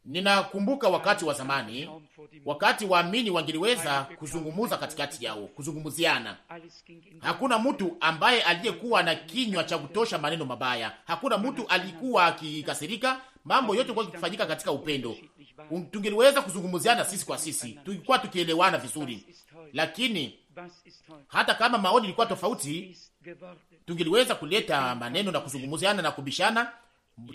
Ninakumbuka wakati wa zamani, wakati waamini wangeliweza kuzungumuza katikati yao, kuzungumuziana. Hakuna mtu ambaye aliyekuwa na kinywa cha kutosha maneno mabaya, hakuna mtu alikuwa akikasirika. Mambo yote yalikuwa kifanyika katika upendo, Um, tungeliweza kuzungumziana sisi kwa sisi, tulikuwa tukielewana vizuri, lakini hata kama maoni ilikuwa tofauti, tungeliweza kuleta maneno na kuzungumziana na kubishana.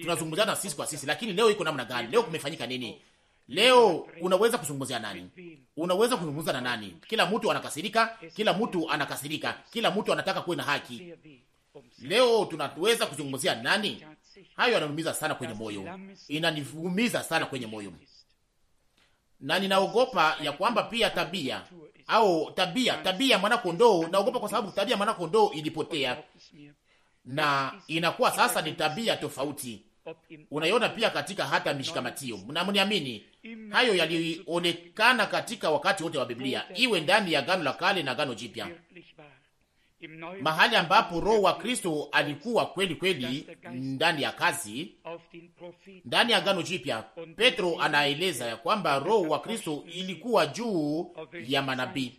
Tunazungumziana sisi kwa sisi, lakini leo iko namna gani? Leo kumefanyika nini? Leo unaweza kuzungumzia nani? Unaweza kuzungumza na nani? Kila mtu anakasirika, kila mtu anakasirika, kila mtu anataka kuwe na haki. Leo tunaweza kuzungumzia nani? Hayo yanaumiza sana kwenye moyo, inaniumiza sana kwenye moyo, na ninaogopa ya kwamba pia tabia au tabia tabia ya mwanakondoo, naogopa kwa sababu tabia ya mwanakondoo ilipotea na inakuwa sasa ni tabia tofauti. Unaiona pia katika hata mishikamatio, na mniamini, hayo yalionekana katika wakati wote wa Biblia, iwe ndani ya gano la Kale na gano Jipya mahali ambapo Roho wa Kristo alikuwa kweli kweli ndani ya kazi. Ndani ya Agano Jipya, Petro anaeleza ya kwamba Roho wa Kristo ilikuwa juu ya manabii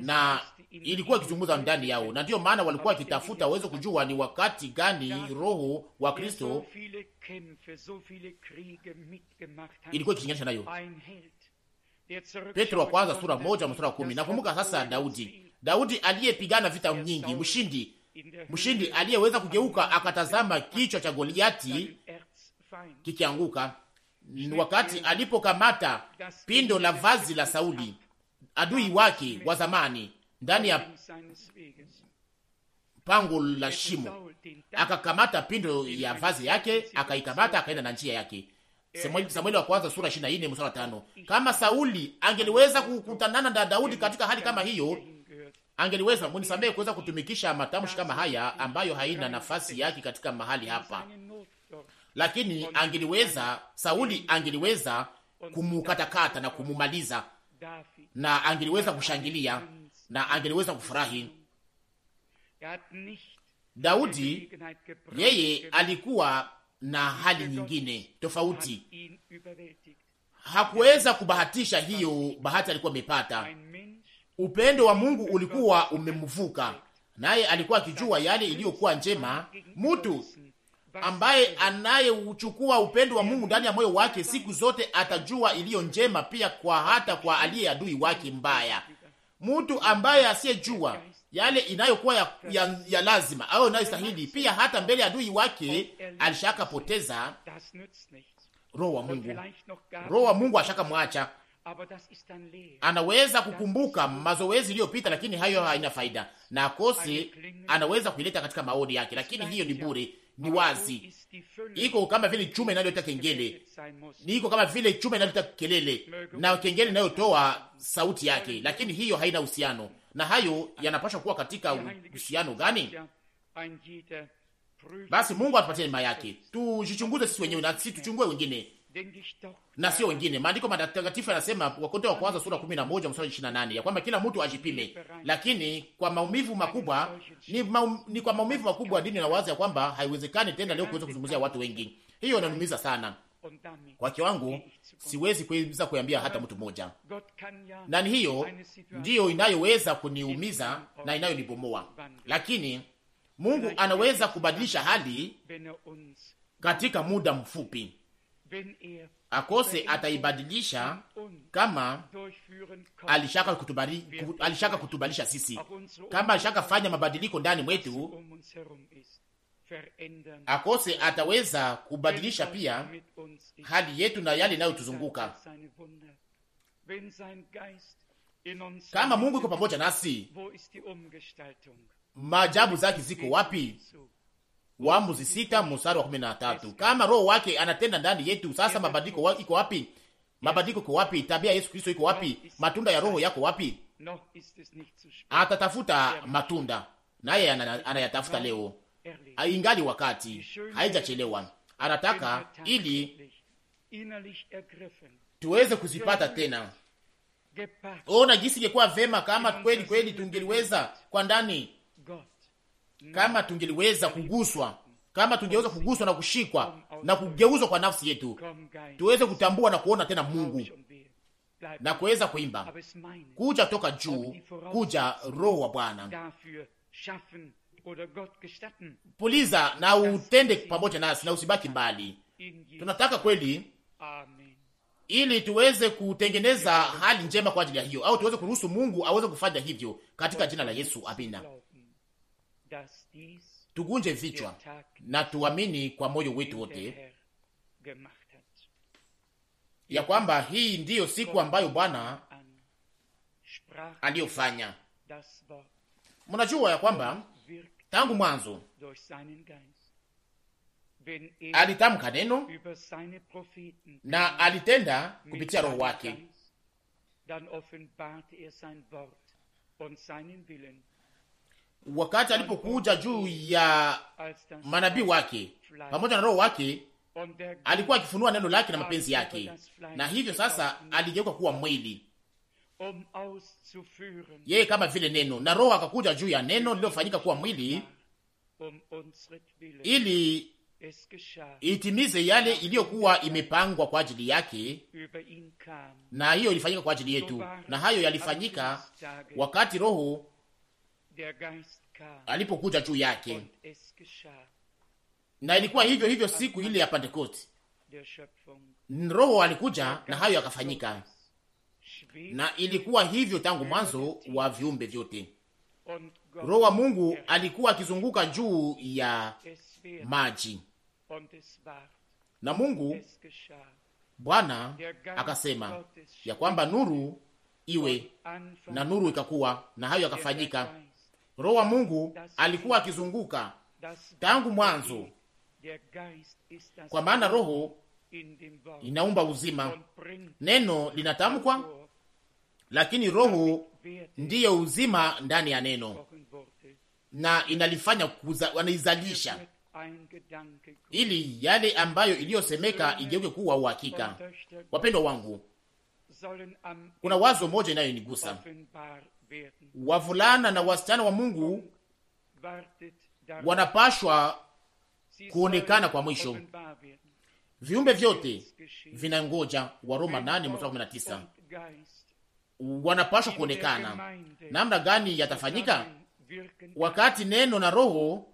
na ilikuwa ikichunguza ndani yao, na ndiyo maana walikuwa wakitafuta waweze kujua ni wakati gani Roho wa Kristo ilikuwa ikilinganisha nayo. Petro wa kwanza sura moja mstari wa kumi. Nakumbuka sasa Daudi Daudi aliyepigana vita nyingi, mshindi, mshindi aliyeweza kugeuka akatazama kichwa cha Goliati kikianguka, wakati alipokamata pindo la vazi la Sauli adui wake wa zamani ndani ya pango la shimo, akakamata pindo ya vazi yake, akaikamata akaenda na njia yake. Samueli wa kwanza sura 24 mstari wa 5. Kama Sauli angeliweza kukutanana na Daudi katika hali kama hiyo, angeliweza munisamehe kuweza kutumikisha matamshi kama haya ambayo haina nafasi yake katika mahali hapa, lakini angeliweza, Sauli angeliweza kumukatakata na kumumaliza, na angeliweza kushangilia na angeliweza kufurahi. Daudi yeye alikuwa na hali nyingine tofauti, hakuweza kubahatisha hiyo bahati alikuwa amepata Upendo wa Mungu ulikuwa umemvuka, naye alikuwa akijua yale iliyokuwa njema. Mtu ambaye anayeuchukua upendo wa Mungu ndani ya moyo wake siku zote atajua iliyo njema pia kwa hata kwa aliye adui wake mbaya. Mtu ambaye asiyejua yale inayokuwa ya, ya, ya lazima au inayostahili pia hata mbele ya adui wake alishakapoteza roho wa Mungu, roho wa Mungu ashakamwacha anaweza kukumbuka mazoezi iliyopita, lakini hayo haina faida, na kosi anaweza kuileta katika maoni yake, lakini hiyo ni bure. Ni wazi iko kama vile chuma inayoleta kengele, iko kama vile chuma inayoleta kelele na kengele inayotoa sauti yake, lakini hiyo haina uhusiano na hayo. Yanapashwa kuwa katika uhusiano gani? Basi Mungu atupatie neema yake, tujichunguze sisi wenyewe na si tuchungue wengine na sio wengine. Maandiko matakatifu yanasema, Wakorintho wa kwanza sura 11 mstari 28, ya kwamba kila mtu ajipime, lakini kwa maumivu makubwa ni, maum, ni kwa maumivu makubwa dini na wazi ya kwamba haiwezekani tena leo kuweza kuzungumzia watu wengi. Hiyo inanumiza sana kwa kiwangu, siwezi kuweza kuambia hata mtu mmoja, na ni hiyo ndiyo inayoweza kuniumiza na inayonibomoa, lakini Mungu anaweza kubadilisha hali katika muda mfupi Er akose ataibadilisha kama alishaka kutubali, alishaka kutubalisha sisi, kama alishaka fanya mabadiliko ndani mwetu, um akose ataweza kubadilisha pia hali yetu na yale inayotuzunguka. Kama Mungu iko pamoja nasi, maajabu zake ziko wapi? Waamuzi sita mstari wa kumi na tatu. Kama roho wake anatenda ndani yetu, sasa mabadiliko iko wapi? Mabadiliko iko wapi? Tabia Yesu Kristo iko wapi? Matunda ya roho yako wapi? Atatafuta matunda naye anayatafuta leo, ah, ingali wakati haijachelewa. Anataka ili tuweze kuzipata tena. Ona jinsi ingekuwa vema kama kweli kweli tungeliweza kwa ndani Mm. kama tungeliweza kuguswa, kama tungeweza kuguswa na kushikwa na kugeuzwa kwa nafsi yetu, tuweze kutambua na kuona tena Mungu na kuweza kuimba kuja toka juu, kuja Roho wa Bwana puliza na utende pamoja nasi na usibaki mbali. Tunataka kweli, ili tuweze kutengeneza hali njema kwa ajili ya hiyo, au tuweze kuruhusu Mungu aweze kufanya hivyo katika jina la Yesu. Amina tugunje vichwa na tuamini kwa moyo wetu wote ya kwamba hii ndiyo siku ambayo Bwana aliyofanya. Mnajua ya kwamba tangu mwanzo er alitamka neno na alitenda kupitia Roho wake wakati alipokuja juu ya manabii wake pamoja na roho wake, alikuwa akifunua neno lake na mapenzi yake, na hivyo sasa aligeuka kuwa mwili yeye kama vile neno na roho akakuja juu ya neno lililofanyika kuwa mwili ili itimize yale iliyokuwa imepangwa kwa ajili yake, na hiyo ilifanyika kwa ajili yetu, na hayo yalifanyika wakati roho alipokuja juu yake, na ilikuwa hivyo hivyo siku ile ya Pentekoste. Roho alikuja na hayo yakafanyika, na ilikuwa hivyo tangu mwanzo wa viumbe vyote. Roho wa Mungu alikuwa akizunguka juu ya maji, na Mungu Bwana akasema ya kwamba nuru iwe, na nuru ikakuwa, na hayo yakafanyika Roho wa Mungu alikuwa akizunguka tangu mwanzo, kwa maana roho inaumba uzima. Neno linatamkwa, lakini roho ndiyo uzima ndani ya neno na inalifanya kuza, wanaizalisha ili yale ambayo iliyosemeka igeuke kuwa uhakika. Wapendwa wangu, kuna wazo moja inayonigusa wavulana na wasichana wa Mungu wanapashwa kuonekana kwa mwisho. Viumbe vyote vinangoja, Waroma 8:19 wanapashwa kuonekana. Namna gani yatafanyika? Wakati neno na roho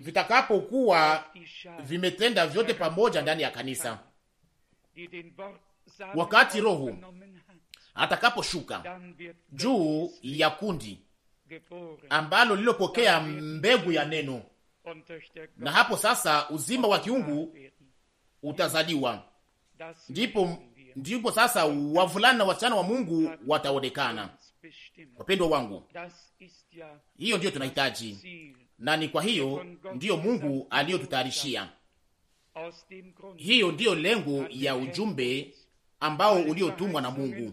vitakapokuwa vimetenda vyote pamoja ndani ya kanisa, wakati roho atakaposhuka juu ya kundi ambalo lilopokea mbegu ya neno, na hapo sasa uzima wa kiungu utazaliwa, ndipo ndipo sasa wavulana na wasichana wa Mungu wataonekana. Wapendwa wangu, hiyo ndiyo tunahitaji, na ni kwa hiyo ndiyo Mungu aliyotutayarishia. Hiyo ndiyo lengo ya ujumbe ambao uliotumwa na Mungu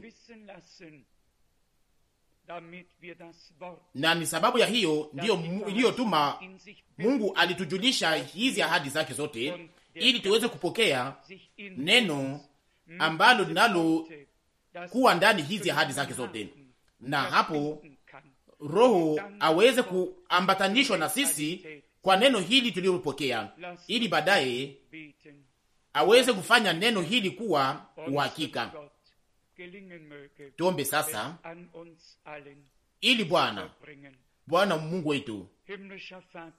na ni sababu ya hiyo ndiyo iliyotuma Mungu alitujulisha hizi ahadi zake zote, ili tuweze kupokea neno ambalo linalo kuwa ndani hizi ahadi zake zote, na hapo Roho aweze kuambatanishwa na sisi kwa neno hili tulilopokea, ili baadaye aweze kufanya neno hili kuwa uhakika Äh, Tuombe sasa ili Bwana Bwana Mungu wetu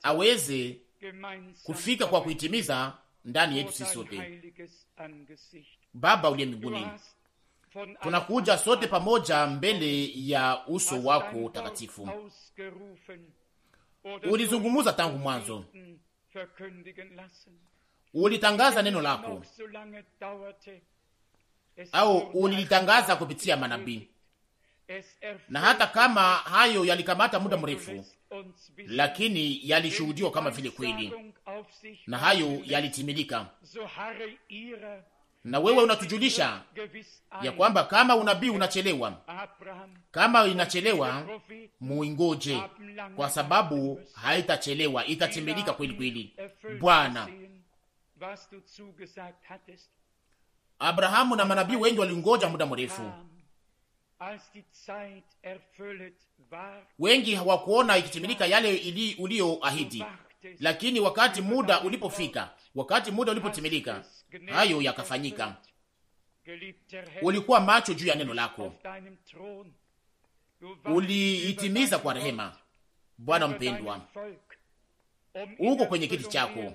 aweze kufika kwa kuitimiza ndani yetu sisi sote. Baba uliye mbinguni, tunakuja sote pamoja mbele ya uso wako takatifu. Ulizungumuza tangu mwanzo, ulitangaza neno lako au ulilitangaza kupitia manabii, na hata kama hayo yalikamata muda mrefu, lakini yalishuhudiwa kama vile kweli, na hayo yalitimilika. Na wewe unatujulisha ya kwamba kama unabii unachelewa, kama inachelewa, muingoje, kwa sababu haitachelewa, itatimilika kweli kweli. Bwana Abrahamu na manabii wengi walingoja muda mrefu, wengi hawakuona ikitimilika yale ili ulioahidi, lakini wakati muda ulipofika, wakati muda ulipotimilika, hayo yakafanyika. Ulikuwa macho juu ya neno lako, uliitimiza kwa rehema. Bwana mpendwa, um uko kwenye kiti chako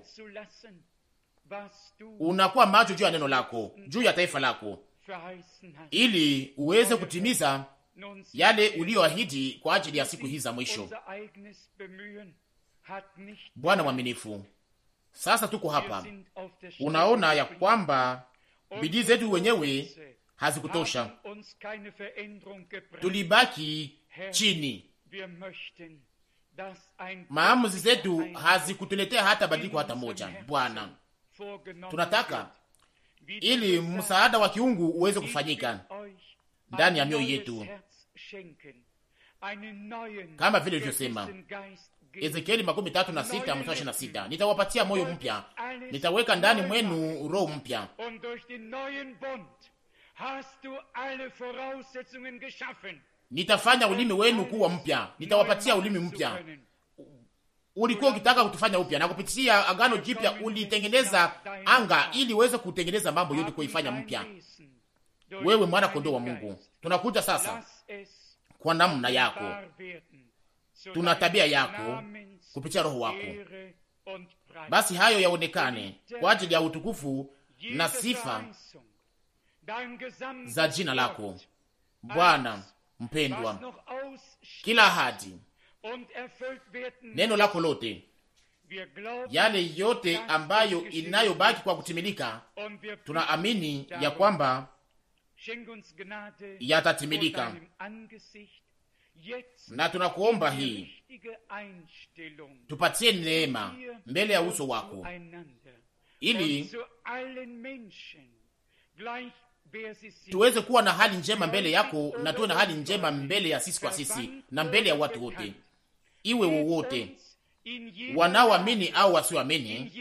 unakuwa macho juu ya neno lako, juu ya taifa lako, ili uweze kutimiza yale uliyoahidi kwa ajili ya siku hizi za mwisho. Bwana mwaminifu, sasa tuko hapa, unaona ya kwamba bidii zetu wenyewe hazikutosha, tulibaki chini, maamuzi zetu hazikutuletea hata badiliko hata moja. Bwana tunataka ili msaada wa kiungu uweze kufanyika ndani ya mioyo yetu, kama vile ilivyosema Ezekieli makumi tatu na sita mstari ishirini na sita nitawapatia moyo mpya, nitaweka ndani mwenu roho mpya. Nitafanya ulimi wenu kuwa mpya, nitawapatia ulimi mpya ulikuwa ukitaka kutufanya upya na kupitia agano jipya, ulitengeneza anga ili uweze kutengeneza mambo yote kuifanya mpya. Wewe mwana kondoo wa Mungu, tunakuja sasa kwa namna yako, tuna tabia yako kupitia roho wako, basi hayo yaonekane kwa ajili ya utukufu na sifa za jina lako Bwana mpendwa, kila ahadi neno lako lote, yale yote ambayo inayobaki kwa kutimilika, tunaamini ya kwamba yatatimilika, na tunakuomba hii, tupatie neema mbele ya uso wako, ili tuweze kuwa na hali njema mbele yako na tuwe na hali njema mbele ya sisi kwa sisi na mbele ya watu wote iwe wowote, wanaoamini au wasioamini,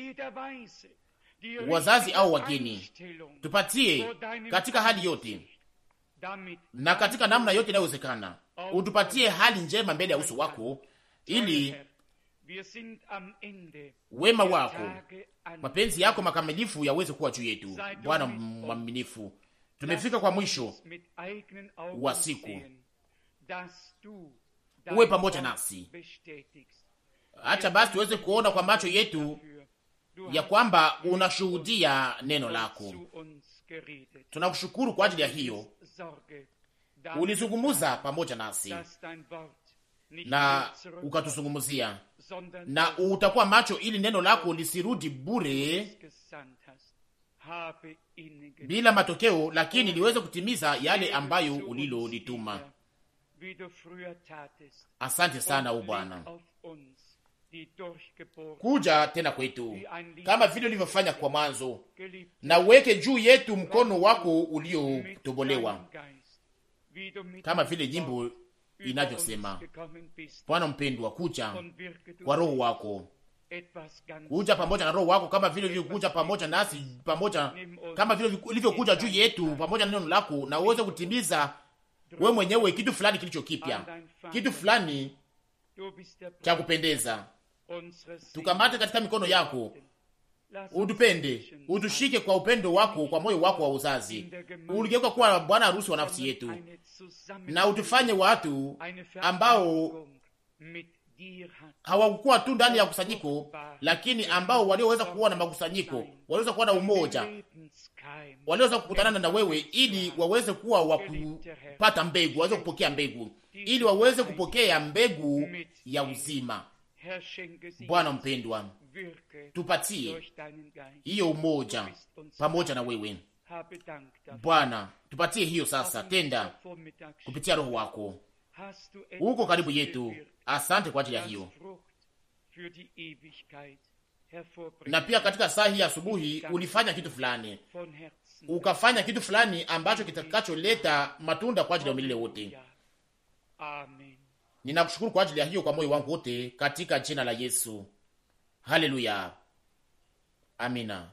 wazazi au wageni, tupatie katika hali yote na katika namna yote inayowezekana, utupatie hali njema mbele ya uso wako, ili wema wako, mapenzi yako makamilifu yaweze kuwa juu yetu. Bwana mwaminifu, tumefika kwa mwisho wa siku uwe pamoja nasi. Acha basi tuweze kuona kwa macho yetu ya kwamba unashuhudia neno lako. Tunakushukuru kwa ajili ya hiyo, ulizungumuza pamoja nasi na ukatuzungumuzia, na utakuwa macho ili neno lako lisirudi bure bila matokeo, lakini liweze kutimiza yale ambayo ulilolituma. Asante sana u Bwana, kuja tena kwetu kama vile ulivyofanya kwa mwanzo, na uweke juu yetu mkono wako uliotobolewa, kama vile nyimbo inavyosema. Bwana mpendwa, kuja kwa roho wako, kuja pamoja na roho wako, kama vile ulivyokuja pamoja nasi, pamoja kama vile ulivyokuja juu yetu pamoja na neno lako, na uweze kutimiza we mwenyewe kitu fulani kilicho kipya, kitu fulani cha kupendeza. Tukamate katika mikono yako, utupende, utushike kwa upendo wako, kwa moyo wako wa uzazi. Uligeuka kuwa bwana harusi wa nafsi yetu, na utufanye watu ambao hawakukuwa tu ndani ya kusanyiko, lakini ambao walioweza kuwa na makusanyiko, waliweza kuwa na umoja, waliweza kukutanana na wewe ili waweze kuwa wakupata mbegu, waweze kupokea mbegu, ili waweze kupokea mbegu ya uzima. Bwana mpendwa, tupatie hiyo umoja pamoja na wewe Bwana, tupatie hiyo sasa. Tenda kupitia Roho wako, uko karibu yetu. Asante kwa ajili ya hiyo na pia katika saa hii asubuhi ulifanya kitu fulani, ukafanya kitu fulani ambacho kitakacholeta matunda kwa ajili ya umilele wote. Ninakushukuru kwa ajili ya hiyo kwa moyo wangu wote, katika jina la Yesu. Haleluya, amina.